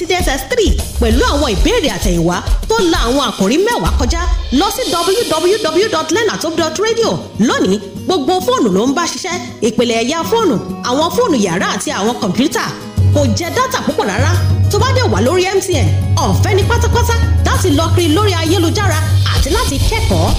ti DSS three pẹ̀lú àwọn ìbéèrè àtẹ̀yìnwá tó la àwọn àkòrí mẹ́wàá kọjá lọ sí www.lenatop.radio lónìí gbogbo fóònù ló ń bá ṣiṣẹ́ ìpìlẹ̀ ẹ̀yà fóònù àwọn fóònù yàrá àti àwọn kọ̀ǹpútà kò jẹ dátà púpọ̀ rárá tó bá dẹ̀ wà lórí MTN ọ̀fẹ́ ní pátápátá láti lọ kiri lórí ayélujára àti láti kẹ́kọ̀ọ́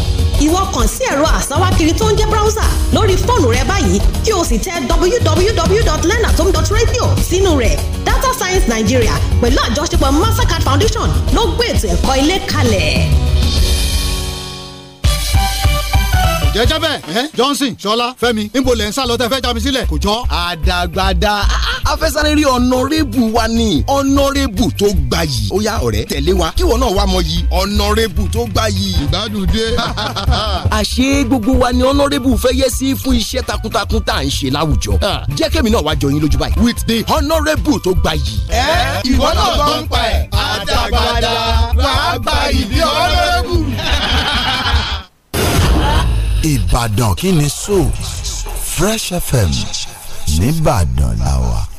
ìwọ kàn sí ẹ̀rọ àsáwákiri tó ń jẹ́ browser lórí fóònù rẹ báyìí kí o sì tẹ www.learnatom.radio sínú rẹ̀ data science nigeria pẹ̀lú àjọṣepọ̀ mastercard foundation ló gbé ètò ẹ̀kọ́ ilé kalẹ̀ jẹjẹ bẹẹ Johnson Ṣọlá Fẹ́mi níbo lẹ ń sá lọ tẹ fẹ́ já mi sílẹ̀ kò jọ. àdàgbàdà afẹ́sáré rí ọ̀nọ́rẹ́bù wa ní ọ̀nọ́rẹ́bù tó gbayì ó yá ọ̀rẹ́ tẹ̀lé wa kíwọ náà wá mọyì ọ̀nọ́rẹ́bù tó gbayì. ìgbádùn dé. àṣé gbogbo wa ni ọ̀nọ́rẹ́bù fẹ́ yẹ sí fún iṣẹ́ takuntakun tá à ń ṣe láwùjọ ah. jẹ́ kẹ́mi náà wá jọ yín lójú báyìí with the ọ̀nọ́rẹ́bù tó gbayì. ẹ eh? ìwọ náà gbọ́ ń pa ẹ̀ àtàgbàdà wàá gba ìdí ọ̀nọ́rẹ́bù. Ìbàdàn kí ni so Fresh FM nìbàdàn làwà.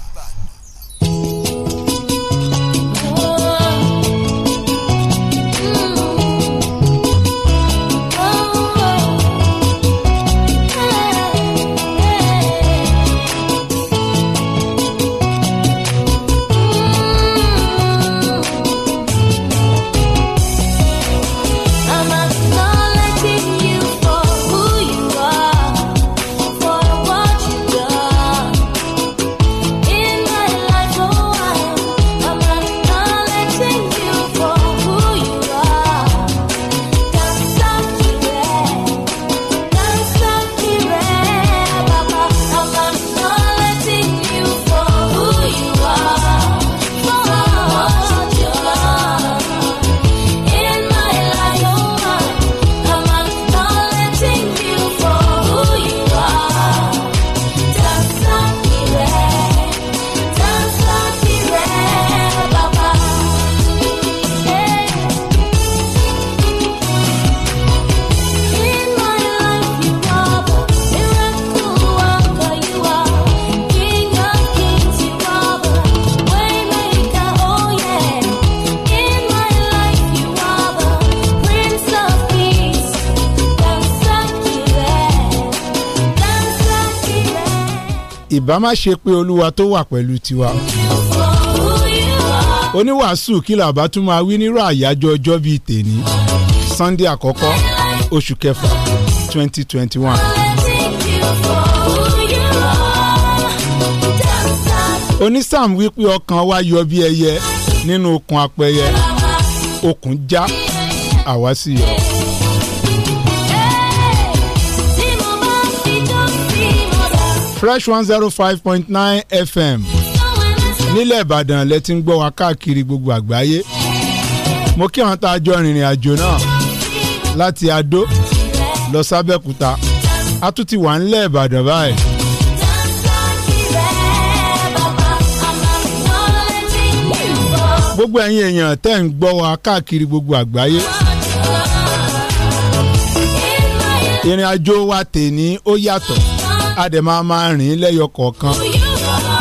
ìbá má ṣe pé olúwa tó wà pẹ̀lú tiwa. oníwàásù kìlà bá tún máa wí nírú àyájọ́ ọjọ́ bíi tèní Sunday àkọ́kọ́ oṣù kẹfà twenty twenty one. onísàm wípé ọkàn wa yọ bí ẹyẹ nínú okùn apẹyẹ okùn já àwa sì yọ. fresh one zero oh five point nine fm nílẹ̀ ìbàdàn lẹ ti ń gbọ́ wa káàkiri gbogbo àgbáyé mo kí àwọn tá a jọ rìnrìn àjò náà láti adó lọ sábẹ́kúta a tún ti wà nílẹ̀ ìbàdàn báyìí. gbogbo ẹ̀yin èèyàn tẹ́ ń gbọ́ wa káàkiri gbogbo àgbáyé ìrìn àjò wa tèmi ó yàtọ̀. a máa rìn lẹ́yọ kọ̀ọ̀kan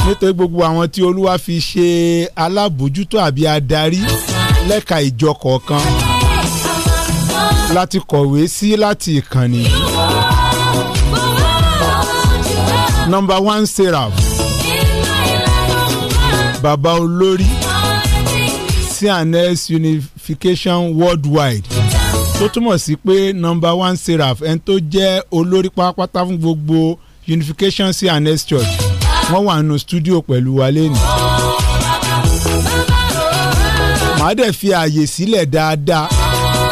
nítorí gbogbo àwọn tí olúwa fi ṣe alábòójútó àbí adarí lẹ́ka ìjọ kọ̀ọ̀kan láti kọ̀wé sí láti ìkànnì. nọmba one seraph Baba olórí cns unification worldwide tó túmọ̀ sí pé nọmba one seraph ẹni tó jẹ́ olórí pátápátá fún gbogbo unification cns church wọ́n wà nù studio pẹ̀lú wa lẹ́nu. màá dẹ̀ fi ààyè sílẹ̀ dáadáa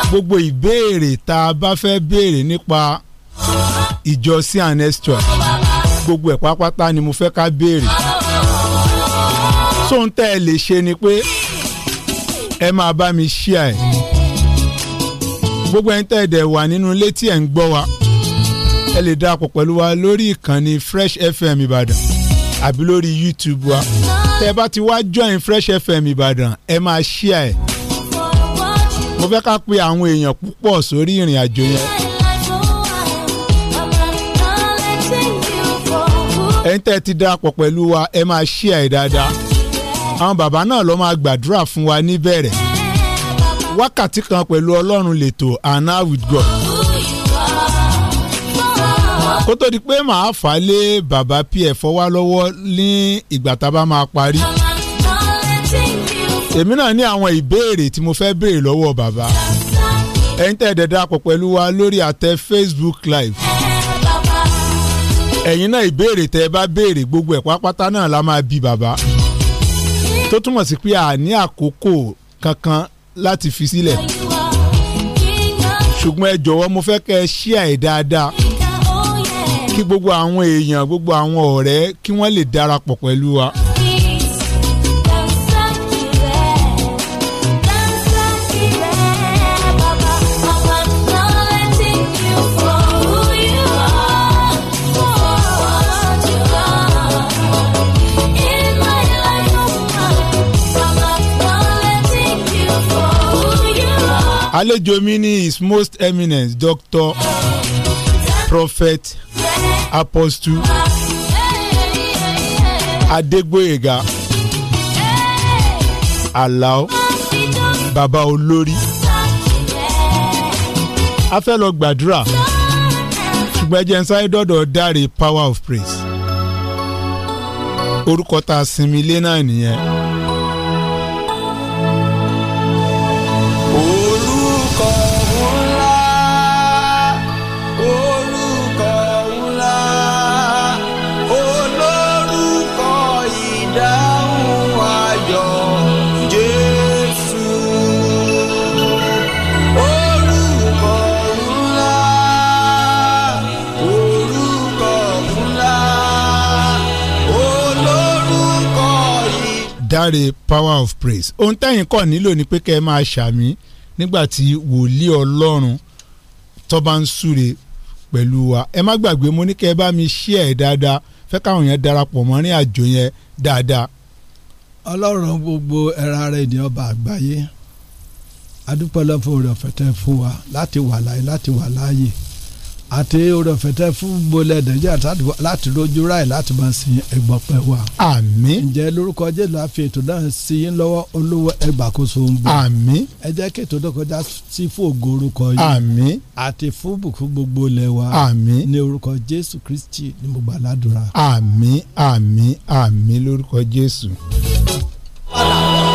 gbogbo ìbéèrè tá a bá fẹ́ béèrè nípa ìjọ cns church gbogbo ẹ̀ pápátá ni mo fẹ́ ká béèrè. sóhun tẹ́ ẹ lè ṣe ni pé ẹ máa bá mi ṣíà ẹ̀ gbogbo ẹni tẹ́ ẹ dẹ̀ wà nínú ilé ẹ̀ ń gbọ́ wa ẹ lè darapọ̀ pẹ̀lú wa lórí ìkànnì Fresh FM Ìbàdàn àbí lórí YouTube wa tẹ́ bá ti wá join Fresh FM Ìbàdàn ẹ máa share ẹ̀ mo fẹ́ ká pe àwọn èèyàn púpọ̀ sórí ìrìn àjò yẹn. ẹ̀yin tẹ́ ti darapọ̀ pẹ̀lú wa ẹ máa share ẹ̀ dáadáa àwọn bàbá náà ló máa gbàdúrà fún wa níbẹ̀rẹ̀ wákàtí kan pẹ̀lú Ọlọ́run lètò anna with God kó tó di pé màá fà á lé bàbá pf wá lọ́wọ́ ní ìgbà tá a bá máa parí èmi náà ní àwọn ìbéèrè tí mo fẹ́ béèrè lọ́wọ́ bàbá ẹ̀yin tẹ́ ẹ̀dẹ̀ dàpọ̀ pẹ̀lú wa lórí àtẹ Facebook live ẹ̀yin náà ìbéèrè tẹ́ ẹ bá béèrè gbogbo ẹ̀ pápátá náà la máa bi bàbá tó túmọ̀ sí pé a àkókò kankan láti fi sílẹ̀ ṣùgbọ́n ẹ jọ̀wọ́ mo fẹ́ kẹ́ ẹ ṣí àì dáadáa kí gbogbo àwọn èèyàn gbogbo àwọn ọ̀rẹ́ kí wọ́n lè darapọ̀ pẹ̀lú wa. àlejò mi ni his most eminent doctor prophet apostu adégbòyèga alao bàbá olórí a fẹ́ lọ gbàdúrà ṣùgbọ́n ẹjẹ̀ ń sáré dọ̀dọ̀ dáre power of praise orúkọ tá a sinmi lé náà nìyẹn. láre power of praise ohun tẹ́yìn kọ́ nílò ni pé kẹ́ ẹ máa ṣàmì nígbà tí wòlíì ọlọ́run tó bá ń súre pẹ̀lú wa ẹ má gbàgbé mo ní kẹ́ ẹ bá mi ṣí ẹ̀ dáadáa fẹ́ káwọn yẹn darapọ̀ mọ́ ní àjò yẹn dáadáa. ọlọ́run gbogbo ẹ̀ra rẹ̀ ní ọba àgbáyé adúpẹ́ rẹ̀ ọ̀fẹ́ fún wa láti wà láyé láti wà láàyè àti oore ọ̀fẹ́tẹ́ fún gbogbo ẹ̀dẹ́jà láti rojú ráì láti máa sin ẹ̀gbọ́n pẹ̀ wá. àmín. ǹjẹ́ lórúkọ jésù àfi ètò náà sí yín lọ́wọ́ olówó ẹgbàkóso ń bọ̀. àmín. ẹ jẹ́ kí ètò náà kọjá sí fún ògo orúkọ yìí. àmín. àti fún bùkún gbogbo ilẹ̀ wa. àmín. ní orúkọ jésù kristi ni mo gbà ládùúrà. àmín àmín àmín lórúkọ jésù. ọ̀làwọ̀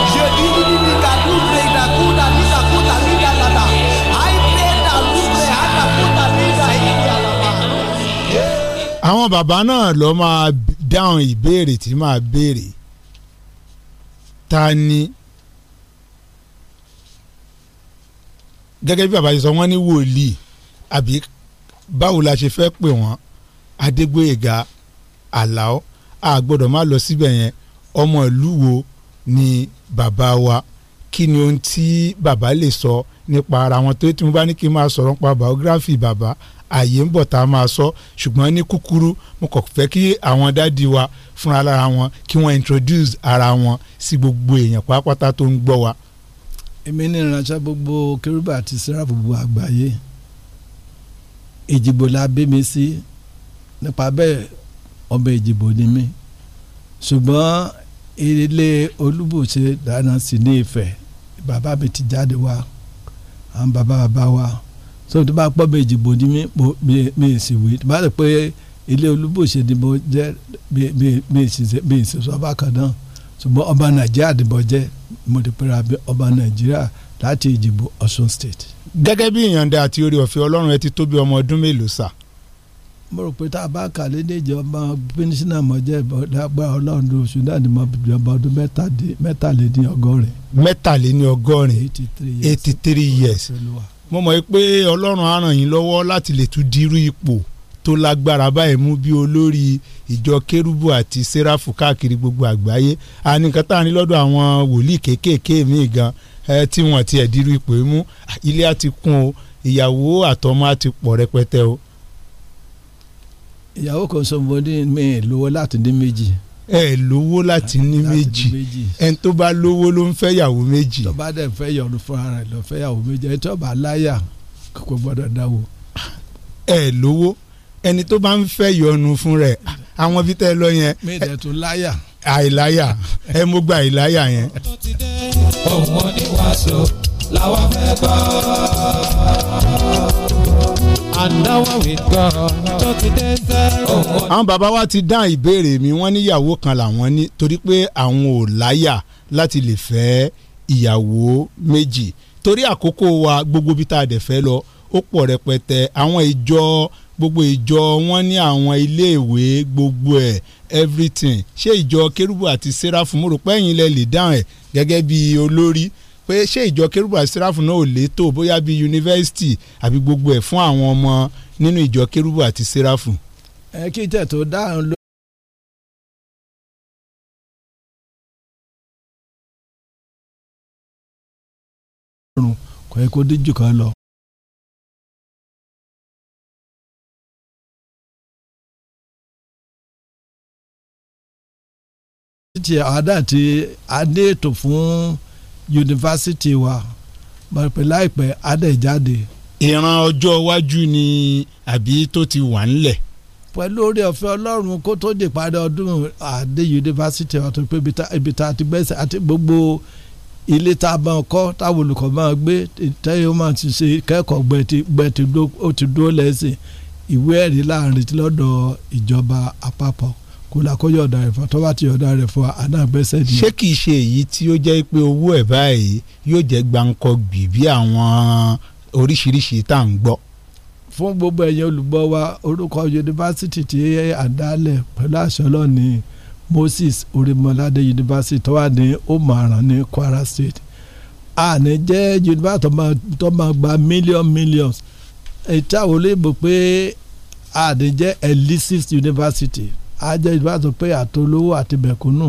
àwọn bàbá náà ló máa dáhùn ìbéèrè tí máa béèrè ta ni gẹ́gẹ́ bí bàbá ṣe sọ wọ́n ní wòlíì àbí báwo la ṣe fẹ́ pè wọ́n adégbòyèga àlàó a má lọ síbẹ̀ yẹn ọmọ ìlú wo ni bàbá wa kí ni ohun tí bàbá lè sọ nípa ara wọn tó tí mo bá ní kí n máa sọ̀rọ̀ nípa biography bàbá àyè ń bọ̀ tá a máa sọ ṣùgbọ́n ní kúkúrú mo kàn fẹ́ kí àwọn dádì wa fúnra lára wọn kí wọ́n introduce ara wọn sí gbogbo èèyàn pátápátá tó ń gbọ́ wa. èmi ní ìránṣẹ́ gbogbo kérúbà àti sẹ́ráfù gbogbo àgbáyé ìjìbò la bí mi sí nípa bẹ́ẹ̀ ọmọ ìjìbò ni mí ṣùgbọ́n ilé olúbùṣe dáná sí ní Ifẹ̀ bàbá mi ti jáde wá àwọn bàbá bàbá wa so tó bá pọ́ méjì bò ní mi èsì wí tó bá rẹ̀ pé ilé olúbòṣe dìbò jẹ́ mi èsì sọ bákan náà ṣùgbọ́n ọba nàìjíríà dìbò jẹ́ mo ti pera ọba nàìjíríà láti ìdìbò Ọ̀ṣun state. gẹ́gẹ́ bí ìyànda àti oore ọ̀fẹ́ ọlọ́run ẹ ti tó ọmọ ọdún mélòó sáà mo rò pé tá a bá kà lédè ìjọba pínísínà mọ̀jẹ́ ìbọ̀dàgbà ọlọ́run ló sudan ni mo jọba ọdún mẹ́tàléníọgọ́rin. mẹ́tàléníọgọ́rin eighty three years mo mọ̀ pé ọlọ́run á ràn yín lọ́wọ́ láti lè tún dirú ipò tó lágbára báyìí mú bí olórí ìjọ kérúbù àti sẹ́ráfù káàkiri gbogbo àgbáyé àníkan tá a ní lọ́dọ̀ àwọn wòlíì kéékèèké míì gan tí wọ́n ti ẹ̀ dirú ipò mú ilé á ti kún o ìyàwó àtọmọ á pọ̀ rẹpẹtẹ o ìyàwó kan sọ fún mi mi lówó láti ní méjì. ẹ lówó láti ní méjì ẹni tó bá lówó ló ń fẹ́ yàwó méjì. tó bá dẹ̀ fẹ́ yọ̀ọ̀nù fún ara ẹ̀ lọ fẹ́ yàwó méjì ẹni tó bá láyà kò gbọ́dọ̀ dáwó. ẹ lówó ẹni tó bá ń fẹ́ yọ̀ọ̀nù fún rẹ̀ àwọn bí tẹ́ ẹ lọ yẹn. mi dẹ̀ tún láyà. àìláyà ẹ mo gba àìláyà yẹn. òun ò ní wàásù làwọn àdáwà wìgbọ́ tó ti dé sẹ́rọ̀. àwọn bàbá wa ti dán ìbéèrè mi wọ́n níyàwó kan làwọn ní torí pé àwọn ò láyà láti lè fẹ́ ìyàwó méjì torí àkókò wa gbogbo bí tá a dẹ̀ fẹ́ lọ ó pọ̀ rẹpẹtẹ àwọn ìjọ gbogbo ìjọ wọn ní àwọn iléèwé gbogbo ẹ̀ everything ṣé ìjọ kérúbù àti sẹ́ráfù mo rò pé ẹ̀yin lẹ lè dáhùn ẹ̀ gẹ́gẹ́ bí olórí pé ṣé ìjọ kérúbù àsíráfù náà ò létò bóyá bíi yunifásitì àbí gbogbo ẹ̀ fún àwọn ọmọ nínú ìjọ kérúbù àti síráfù. ẹ kí tẹ̀ tó dáhùn ló. kò yẹ kó díjú kan lọ. ti àdá àti adéètò fún yunifásitì wa pẹ̀lú láìpẹ́ adẹ̀jáde. ìran ọjọ́ iwájú ni àbí tó ti wà ńlẹ̀. pẹ̀lú orí ọ̀fẹ́ ọlọ́run kó tó di parí ọdún àdé yunifásitì wa tó pé ibi tá a ti gbẹ́sẹ̀ àti gbogbo ilé tá a máa kọ́ táwọn olùkọ́ máa gbé tẹ́yìn ó máa ti ṣe kẹ́kọ̀ọ́ gbẹ̀tì ó ti dúró lẹ́sìn ìwé ẹ̀rí láàrin lọ́dọ̀ ìjọba àpapọ̀ kódà kó yọ̀ọ̀dà rẹ̀ fún ọ tó bá ti yọ̀ọ̀dà rẹ̀ fún ọ àná gbẹ́sẹ̀ ni. ṣé kìí ṣe èyí tí ó jẹ́ pé owó ẹ̀ báyìí yóò jẹ́ gbáǹkọ gbì bí àwọn oríṣiríṣi tá à ń gbọ́. fún gbogbo ẹ̀yin olùgbọ́ wa orúkọ yunifásitì tí àdálẹ̀ pẹ̀lú àṣọlọ́ ni Moses Orimolade yunifásitì tó wà ní Omaran ní Kwara State àní jẹ́ yunifásitì tó máa gba million millions èyí táwọn olóyìnbó pé àní jẹ́ elisis university ajẹ́ ìbáṣọ pé àtolówó àti bẹ̀kúnnù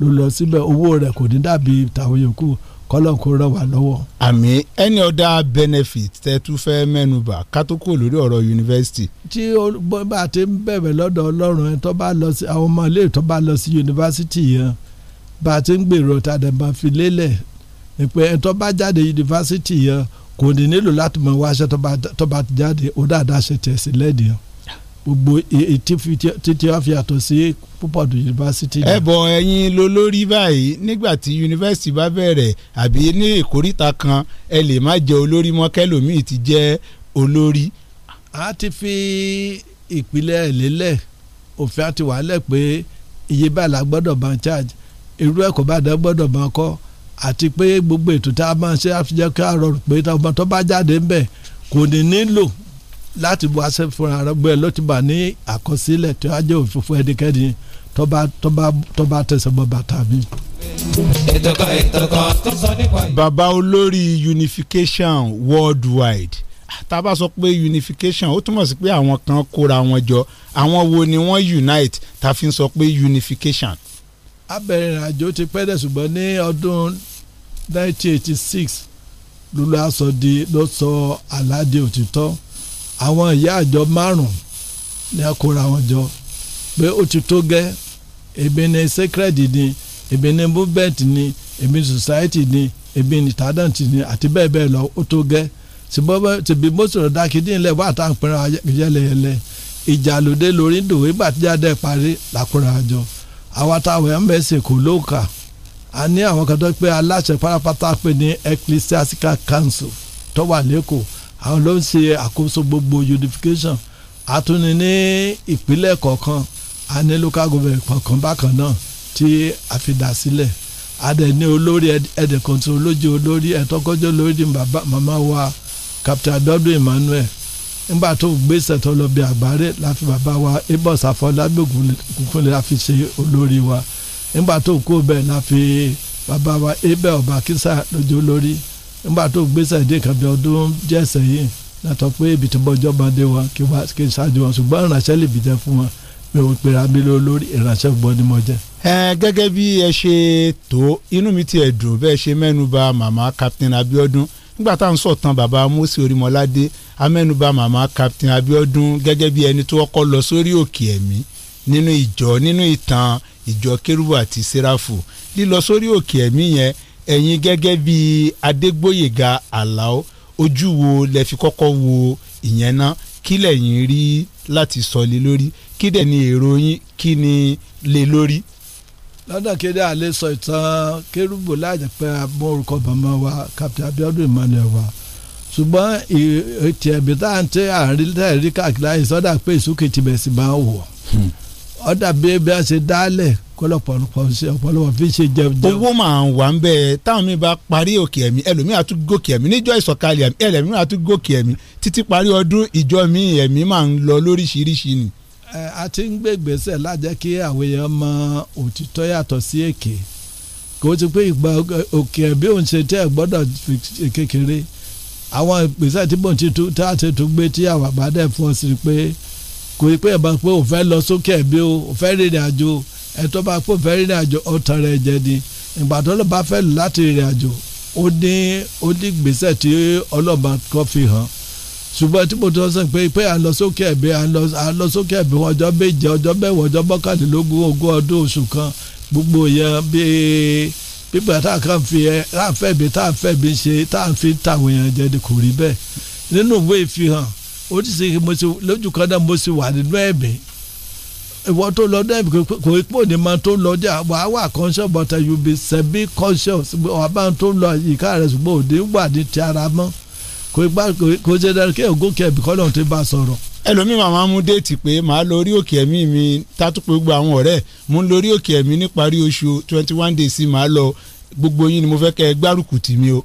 ló lọ síbẹ̀ owó rẹ̀ kò ní dàbí tàwọn yòókù kọ́lọ́n kó rọ̀ wá lọ́wọ́. àmì ẹni ọ̀dà benefit tẹ́ tún fẹ́ mẹ́nuba ká tó kúrò lórí ọ̀rọ̀ yunifásitì. tí bá a ti ń bẹ̀rẹ̀ lọ́dọ̀ ọlọ́run ẹ tó bá lọ sí àwọn ọmọ ilé tó bá lọ sí yunifásitì yẹn bá a ti ń gbèrò tàdé máa fi lélẹ̀ ni pé ẹ tó bá jáde yunifásitì yẹn kò ní nílò láti mọ̀ wáṣẹ́ tó bá ti jáde ó dáadáa ṣe tẹ̀sí lẹ́dìí gbogbo etí títí wá fi àtọ̀ sí púpọ̀ tó yunifásitì. ẹ bọ ẹ̀yin ló lórí báyìí nígbà tí yunifásitì bá bẹ̀rẹ̀ àbí ní ìkórìtà kan ẹ lè má jẹ́ olórí mọ́ kẹ́lòmíì ti jẹ́ olórí. a ti fi ìpìlẹ̀ lélẹ̀ òfin àti wàhálẹ̀ pé iye báyìí la gbọ́dọ̀ ban charge irú ẹ̀kọ́ bá dán gbọ́dọ̀ ban kọ́ àti pé gbogbo ètò tá a máa ṣe àfijẹ́ ká rọrùn pé tó bá jáde ń bẹ̀ kò ní nílò láti bu aṣẹ fúnra gbé ló ti bà ní àkọsílẹ̀ tó a jẹ́ òfófó ẹnikẹ́ni tọ́ba tọ́ba tọ́ba tẹsẹ̀ bọ́ bàtà bàbá olórí unification worldwide ah, tá a bá sọ pé unification ó túmọ̀ sí pé àwọn kan kóra wọn jọ àwọn wo ni wọ́n unite tá a fi sọ pé unification. a bẹ̀rẹ̀ ìrìnàjò ti pẹ́ dẹ̀ ṣùgbọ́n ní ọdún 1986 ló lọ́ọ́ sọ di ló sọ àládé òtítọ́ àwọn ìyá àjọ márùn ni a kóra wọn jọ pé ó ti tó gẹ́ ebi ni sacred ni ebi ni movement ni ebi ni society ni ebi ni tadant ni àti bẹ́ẹ̀ bẹ́ẹ̀ lọ ó tó gẹ́ tìbí mọ́sọ̀rọ̀ dákìdí ńlẹ̀ wà tá à ń pinra yẹlẹyẹlẹ ìjà lòdè lórí ń dò ìgbà tí jáde parí làkúra àjọ àwa táwọn ẹ̀ ń bẹ̀ ṣe kò lóòkà a ní àwọn kan tó pé aláṣẹ pátápátá pé ní ecclesiastical council tó wà lẹ́kọ̀ọ́ àwọn ló ń ṣe àkóso gbogbo unification àtúni ní ìpínlẹ̀ kọ̀ọ̀kan a ní local government kọ̀ọ̀kan bákan náà tí a fi dà sílẹ̀ adẹ ní olórí ẹdẹ kan tí olójú olórí ẹtọkọjọ olórí màmá wa Captain Godwin Emmanuel nígbà tó gbèsè tó lọ bí àgbáre láfi bàbá wa ibos Afọlábí Ògúnkúnlé láfi ṣe olórí wa nígbà tó kó bẹ́ẹ̀ láfi bàbá wa ibẹ̀ Ọba Kísà lójú olórí nígbà tó gbèsè dé kan bí ọdún díẹ̀ sẹ́yìn látọ̀ pé ibi tí bọ́jọ́ bá dé wa kí wá kí ṣáájú wọn ṣùgbọ́n ìrànṣẹ́ lè bì fún wọn mi ò pera mi lórí ìrànṣẹ́ gbọ́ ni mo jẹ́. ẹ gẹ́gẹ́ bí ẹ ṣe tó inú mi tiẹ̀ dùn bẹ́ẹ̀ ṣe mẹ́nuba màmá Captain Abiodun nígbà tá à ń sọ̀tàn bàbá Mósè Orímọládé amẹ́nuba màmá Captain Abiodun gẹ́gẹ́ bí ẹni tó kọ́kọ́ lọ sórí òkè ẹ̀mí nínú ìjọ nínú ìtàn ìjọ kérúbù àti séráfù lílọ sórí òkè ẹ̀mí yẹn ẹ̀yin gẹ́gẹ́ bí Adégbóyèga Àlàó ojú wo lẹ fi kọ́kọ́ wo ìyẹn ná kí lẹ̀yin rí láti sọ lé lórí kí dẹ̀ ni èrò yín kí ni lé lórí. lọ́dọ̀ kéde àlẹ́ sọ ìtàn kérúbù láàjẹ́ pé mọ orúkọ bàmọ́ wa Captain Abiodun Emmanuel wa ṣùgbọ́n ètò ẹ̀bí tá à ń tẹ́ àárín tẹ́ẹ̀rí káàkiri àìsàn dà pé ìsúkè tìbẹ̀ sì máa wọ̀ ọ́ hmm. dàbí bí a ṣe dálẹ̀ kọlọpọlọpọ ṣe ọ̀pọ̀lọpọ̀ fi ṣe jẹjẹ. owó máa ń wà ń bẹ táwọn mi bá parí òkè ẹ̀mí ẹlòmíà tún gòkè ẹ̀mí níjọ́ ìsọ̀kalẹ̀ ẹ̀mí ẹlòmíà tún gòkè ẹ̀mí títí parí ọdún ìjọ mi ẹ̀mí máa ń lọ lóríṣiríṣi ni. ẹ a ti ń gbé ìgbésẹ̀ lájẹ́ kí àwọn èèyàn mọ òtítọ́ yàtọ̀ sí èké kò ti pé ìgbà òkè ẹ̀mí òun ṣe tẹ́ gbọ́dọ̀ fi kékeré àwọn ìgbésẹ̀ tí ẹ̀tọ́ bá pò fẹ́ rìnrìn àjò ó tan rẹ̀ jẹ ni ìgbà tó lọ́ọ́ bá fẹ́ láti rìnrìn àjò ó ní ó ní gbèsè tí ọlọ́ọ̀bá kan fi hàn ṣùgbọ́n tí mo tọ́ sọ pé pé à ń lọ sókè ẹ̀bí à ń lọ sókè ẹ̀bí ọjọ́ méje ọjọ́ mẹ́wàá ọjọ́ mọ́kànlélógún ogún ọdún oṣù kan gbogbo yẹn bíi pípa tá a kàn fi ẹ tá a fẹ́ mi tá a fẹ́ mi ṣe tá a fi ń tàwọn èèyàn jẹ ni kò rí bẹ́ẹ̀ nínú ìwé ìfihàn ó ti ṣe mo ti lójú kan náà mo ti wà nínú ẹ̀mí ìwọ tó lọ dẹ́ kò ipò ní ma tó lọ jẹ́ wàá wà conscious but you be semi conscious ọba tó lọ ìka rẹ̀ ṣùgbọ́n òde wà ní ti ara mọ́ kò ipá kò ṣe dára kí ògùn kẹ̀bí kọ́lọ̀ tó bá sọ̀rọ̀. ẹlòmíì màmá mú déètì pé màá lọ orí òkè ẹ̀mí mi tátúpé gbogbo àwọn ọ̀rẹ́ mú lórí òkè ẹ̀mí ní parí oṣù twenty one days màá lọ gbogbo yín ni mo fẹ́ kẹ́ ẹ gbárùkù tì mí o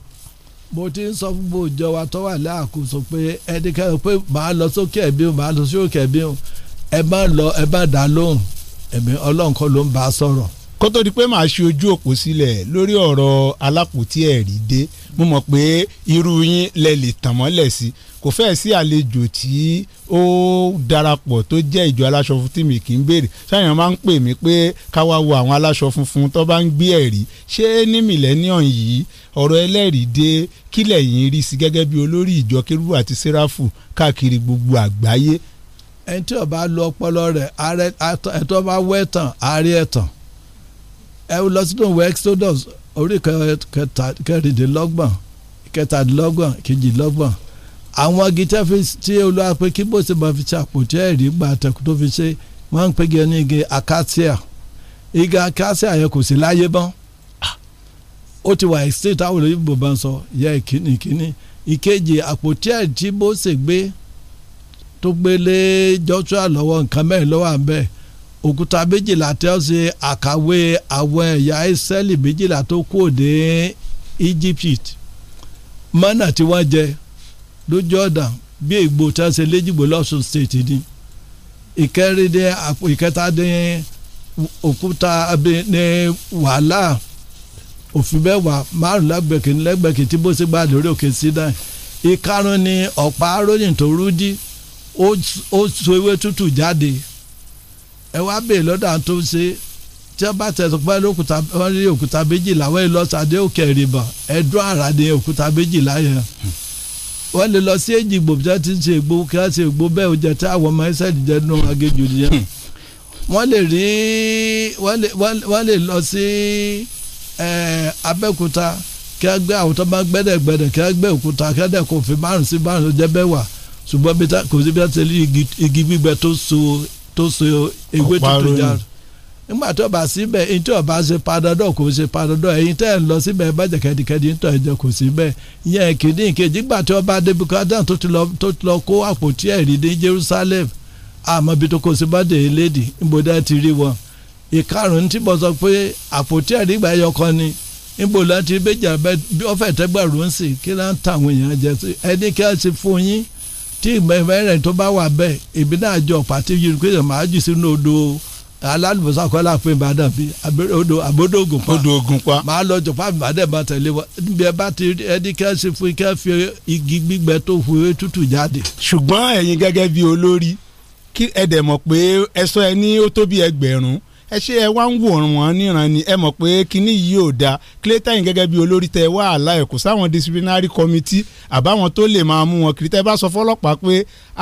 mo ti ń sọ fún gbogbo ìjọ wa tó wà láàkóso pé ẹnikẹ́ni pé màá lọ sókè ẹ̀mí o màá lọ sókè ẹ̀mí o ẹ bá lọ ẹ bá dá lóhùn ẹ̀mí ọlọ́run kọ́ ló ń bá a sọ̀rọ̀ kó tó di pé màá ṣe ojú òpó sílẹ̀ lórí ọ̀rọ̀ alápòtí ẹ̀rí dé mo mọ̀ pé irú yín lẹ lè tàn mọ́lẹ̀ sí kò fẹ́ẹ̀ sí àlejò tí ó darapọ̀ tó jẹ́ ìjọ aláṣọ funfun tí mi kì í béèrè sáyẹn máa ń pè mí pé ká wá wo àwọn aláṣọ funfun tó bá ń gbé ẹ̀rí ṣé ní mílẹ́níọ̀n yìí ọ̀rọ̀ ẹlẹ́rìí dé kílẹ̀ yìí rí sí gẹ́gẹ́ bí olórí ìjọ kérúbù àti séráfù káàkiri gbogbo àgbáyé ẹni tí ó bá lo ọpọlọ rẹ̀ ẹtọ bá wẹ tán àárẹ ẹtàn ẹ lọ sínú ìwé Exodus orí kẹrìndínlọ́gbọ̀n kẹtàdínlọ́gbọ̀n kejìlọ́gbọ̀n àwọn igi tẹ́ fi tí olúwa pé kí bó ṣe máa fi ṣàpòtí ẹ̀rí gba àtẹ̀kù tó fi ṣe wọ́n ń pege ní igi acacia igi acacia yẹn kò sí láyé mọ́ ó ti wà extinct táwọn olóyìnbó bá ń sọ yẹ ìkíni ìkíni ìkejì àpótí ẹ̀rí tí bó ṣe gbé tó gbélé Joshua lọ́wọ́ nǹkan mẹ́rin lọ́wọ́ àbẹ́ òkúta méjìlá tẹ́ ọ́ ṣe àkàwé àwọn ẹ̀yà Ísírẹ́lì méjìlá tó kú òde Egypt mánà tí wọ́n jẹ lójú ọ̀dàn bí ègbò tí wọ́n ṣe léjìgbò lọ́sùn state ni ìkẹrìndé àpò ìkẹta òkúta ní wàhálà òfin mẹ́wàá márùn lẹ́gbẹ̀kì lẹ́gbẹ̀kì tí bó ṣe gbà lórí òkè Sinai ìkarùn ni ọ̀pá aróyìn tó rú dí ó so ewé tútù jáde ẹ wá bèè lọ́dà tó ṣe tí wọ́n bá tẹ̀sán pẹ́ lókùtà wọ́n rí òkúta méjìlá wọ́n lè lọ sàdé òkè ìrìbọ̀n ẹ̀dùn àràdé òkúta méjìlá yẹn wọ́n lè lọ sí èjìgbò tí wọ́n ti ń ṣe ègbò kí wọ́n ṣe ègbò bẹ́ẹ̀ oúnjẹ tí àwọn ọmọ ẹsẹ̀ jẹ́ nínú agéjù nìyẹn wọ́n lè rí wọ́n lè lọ sí Abẹ́òkúta kí wọ́n gbé àwọn bá gbẹ́dẹ̀gbẹ́dẹ̀ kí wọ́n gbé òkúta kí wọ́n dẹ̀ kó fi márùn sí márùn jẹ́ bẹ́ẹ̀ wà ṣùgbọ́n bí kò sí bí wọ́n ṣe rí igi gbígbẹ tó so tó so ewé tuntun jáde nígbà tó bá síbẹ̀ ẹni tí ọba ṣe padàdọ̀ kò ṣe padàdọ̀ ẹ̀yin tẹ́ ẹ̀ ń lọ síbẹ̀ ẹ bàjẹ́ kẹ́díkẹ́dí ń tọ́ ẹ̀jẹ̀ kò síbẹ̀ yẹn kìíní ìkejì gbà tí ọba Nebukadnezar tó ti lọ kó àpótí ẹ̀rí ní Jerusalem àmọ́ ibi tó kó sí bọ́dẹ̀ eléèdì níbodà ti rí wọn ìkarùn-ún tí mo sọ pé àpótí ẹ̀rí gbà ẹyọ kan ni níbo láti bẹ́jà ọfẹ́ tẹ́gbàrún sí kí láǹtà àwọn èèyàn jẹ tí ìmọ̀ẹ́rẹ̀ tó bá wà bẹ́ẹ̀ èmi náà jọ pàtí yorùbá máa jù sínú odò alálùbọ̀sà kọ́lá fún ìbàdàn bí odò àbódò ògùn pa odò ògùn pa máa lọ jọ̀pá ìbàdàn bá tẹ̀lé wọn níbi ẹ bá ti ẹni kẹ́sì fún kẹ́ fi igi gbígbẹ tó fún ewé tútù jáde. ṣùgbọ́n ẹ̀yin gẹ́gẹ́ bí olórí kí ẹ mọ̀ pé ẹ̀sọ́ ẹ ní ó tó bí ẹgbẹ̀rún ẹ ṣe ẹ wá ń wòran wọn níran ni ẹ mọ̀ pé kinní yìí ò dáa clayton gẹ́gẹ́ bí olórí tẹ wá àlá ẹ̀ sáwọn disciplinary committee àbáwọn tó lè máa mú wọn kiri tẹ bá sọ fọlọ́pàá pé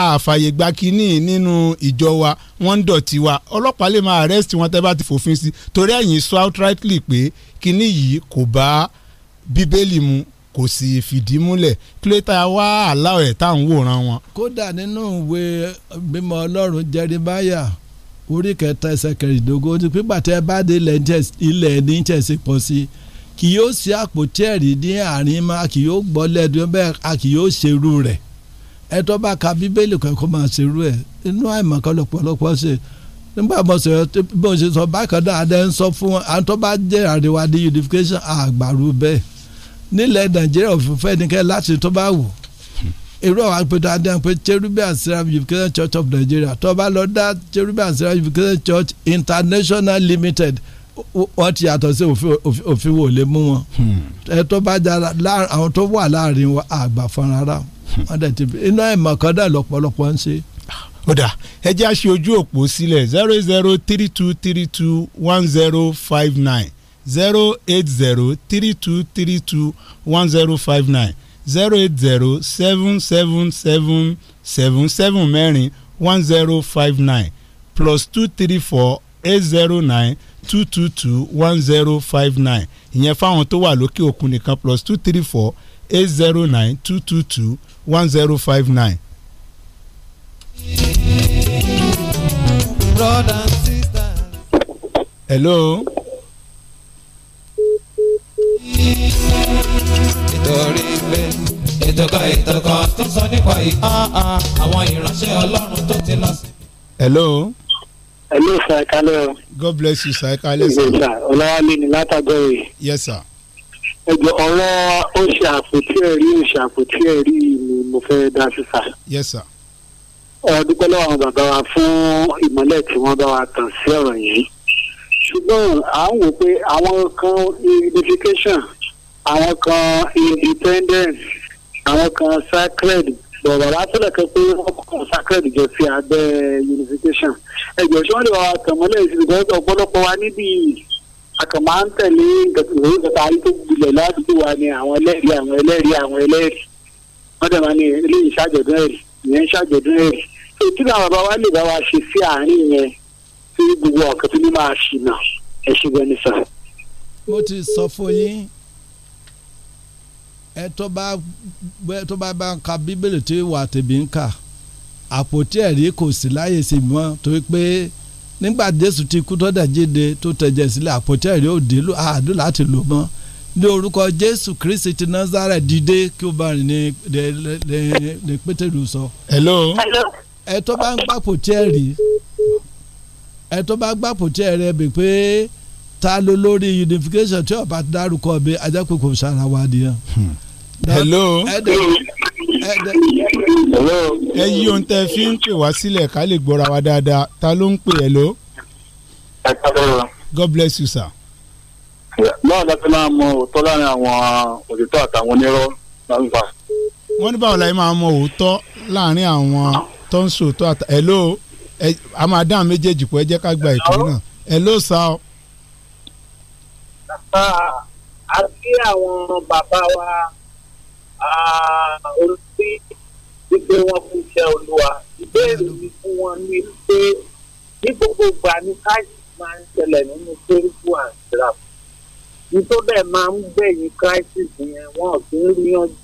àfàyè gba kinní nínú ìjọ wa wọ́n ń dọ̀tí wa ọlọ́pàá lè máa arrest wọn tẹ bá ti fòfin sí torí ẹ̀yin sọ outrightly pé kinní yìí kò bá bíbélì mu kò sì fìdí múlẹ̀ kílẹ̀tà wá àlàó ẹ̀ tá à ń wòran wọn. kódà nínú ìwé mímọ́ ọlọ́run jẹrìmáyà orí kẹta ẹsẹ̀ kẹrìndínlógún ní pípa tẹ́ bá dé ilẹ̀ ní Chelsea pọ̀ sí kì yóò sí àpótí ẹ̀rí ní àárín máa kì yóò gbọ́ lẹ́dùn bẹ́ẹ̀ a kì yóò ṣerú rẹ̀ ẹ tó bá ka bíbélì kẹ́kọ̀ọ́ máa ṣerú ẹ̀ inú àìmọ̀kan lọ́pọ̀lọpọ̀ ṣe nígbà mo sọ bó ṣe sọ bákan náà adé ń sọ fún àwọn tó bá jẹ́ àríwá ní unification àgbàrú bẹ́ẹ̀ nílẹ̀ Nàìjíríà òfin fẹ́nikẹ́ láti tó bá wù irú àwọn apẹtọ adáhùn pé cherubim and unification church of nigeria tó bá lọ dá cherubim and unification church international limited wọ́n ti yàtọ̀ sí òfin wò lè mú wọn hmm. tó bá jára àwọn tó wà láàrin wọn àgbà fún hmm. rárá wọn dẹ̀ ti bí iná ìmọ̀ kan náà lọ́pọ̀lọpọ̀ ń ṣe. ó dà ẹ jẹ́ ojú òpó sílẹ̀ zero eight zero three two three two one zero five nine zero eight zero three two three two one zero five nine zero eight zero seven seven seven seven seven mẹ́rin one zero five nine plus two three four eight zero nine two two two one zero five nine ìyẹn fáwọn tó wà lókè òkun nìkan plus two three four eight zero nine two two two one zero five nine. hello nítorí pé ìtọ́kọ ìtọ́kọ tó sọ nípa ìhà ah, ah, àwọn ìránṣẹ́ ọlọ́run tó ti lọ sí. hello. hello sir Kale. o. god bless you sir kalẹ sir. ìgbésà ọlọ́wálé ni látàgọ́rẹ̀. yes sir. ẹ̀jọ̀ ọ̀rọ̀ ó ṣe àpótí ẹ̀rí ó ṣe àpótí ẹ̀rí ni mo fẹ́ dá sí sà. yes sir. ọ̀dúpẹ́ lọ́wọ́ àwọn bàbá wa fún ìmọ̀lẹ̀ tí wọ́n bá wa tàn sí ọ̀rọ̀ yìí ṣùgbọ́n à ń wò pé àwọn kan unification àwọn kan independence àwọn kan sacred bọ̀rọ̀ látọ̀lẹ̀ kan pé wọ́n kọ́ sacred jọ sí abẹ́ unification ẹgbẹ́ ṣé wọ́n lè wá tẹ̀mọ́lẹ̀ sí ìgbọ́dọ̀ ọ̀pọ̀lọpọ̀ wa níbi àkàmọ́ à ń tẹ̀lé ládùúgbò wa ni àwọn ẹlẹ́rìí àwọn ẹlẹ́rìí àwọn ẹlẹ́rìí wọ́n dẹ̀ máa ní eléyìí ṣàjọ̀dún ẹ̀rì ìyẹn ṣàjọ̀dún ẹ̀rì tó tí náà bàbá wa lè bá wa ṣe sí àárín yẹn tí gbogbo ọ̀kan tó ní máa ṣìnà ẹ̀ṣin gbẹnisàn. mo ti sọ fún yín ẹ tó bá tó bá bá ń ka bíbélì tó wà tèmi ń kà àpótí ẹ̀rí kò sí láyè sí mọ́ torí pé nígbà Jésù ti kú tó dàjíde tó tẹ̀jẹ̀ sílẹ̀ àpótí ẹ̀rí ò dé àdó láti lò mọ́ ní orúkọ Jésù Kristi ti Nazareth dìde kí o bá rìn ní Pétérù sọ. hello. hello ẹ tó bá ń gbà pòtí ẹ rí ẹ tó bá gbà pòtí ẹ rẹ bí pé ta ló lórí unification tí ọba dárúkọ bí ajákòókò sára wa nìyẹn. Hmm. hello. ẹ yí ohun fi ń pè wá sílẹ̀ ká lè gbọ́ra wa ta ló ń pè God bless you sir. báwo la ti máa mọ òótọ́ láàrin àwọn òtítọ́ àtàwọn onírọ́ lálùfà. wọ́n ní báwo la máa mọ òótọ́ láàrin àwọn tó ń sòótọ́ àtà hello a máa méjèèjì pọ̀ ẹ jẹ́ ká gba náà hello àwọn bàbá wa. olùgbé gbígbé wọn fún iṣẹ́ olúwa ìbéèrè mi fún wọn ni pé ní gbogbo ìgbà ni káìsì máa ń ṣẹlẹ̀ nínú kérúkú àǹtíra nítorí bẹ́ẹ̀ máa ń gbẹ̀yìn káìsì yẹn wọn ò fi ń yanjú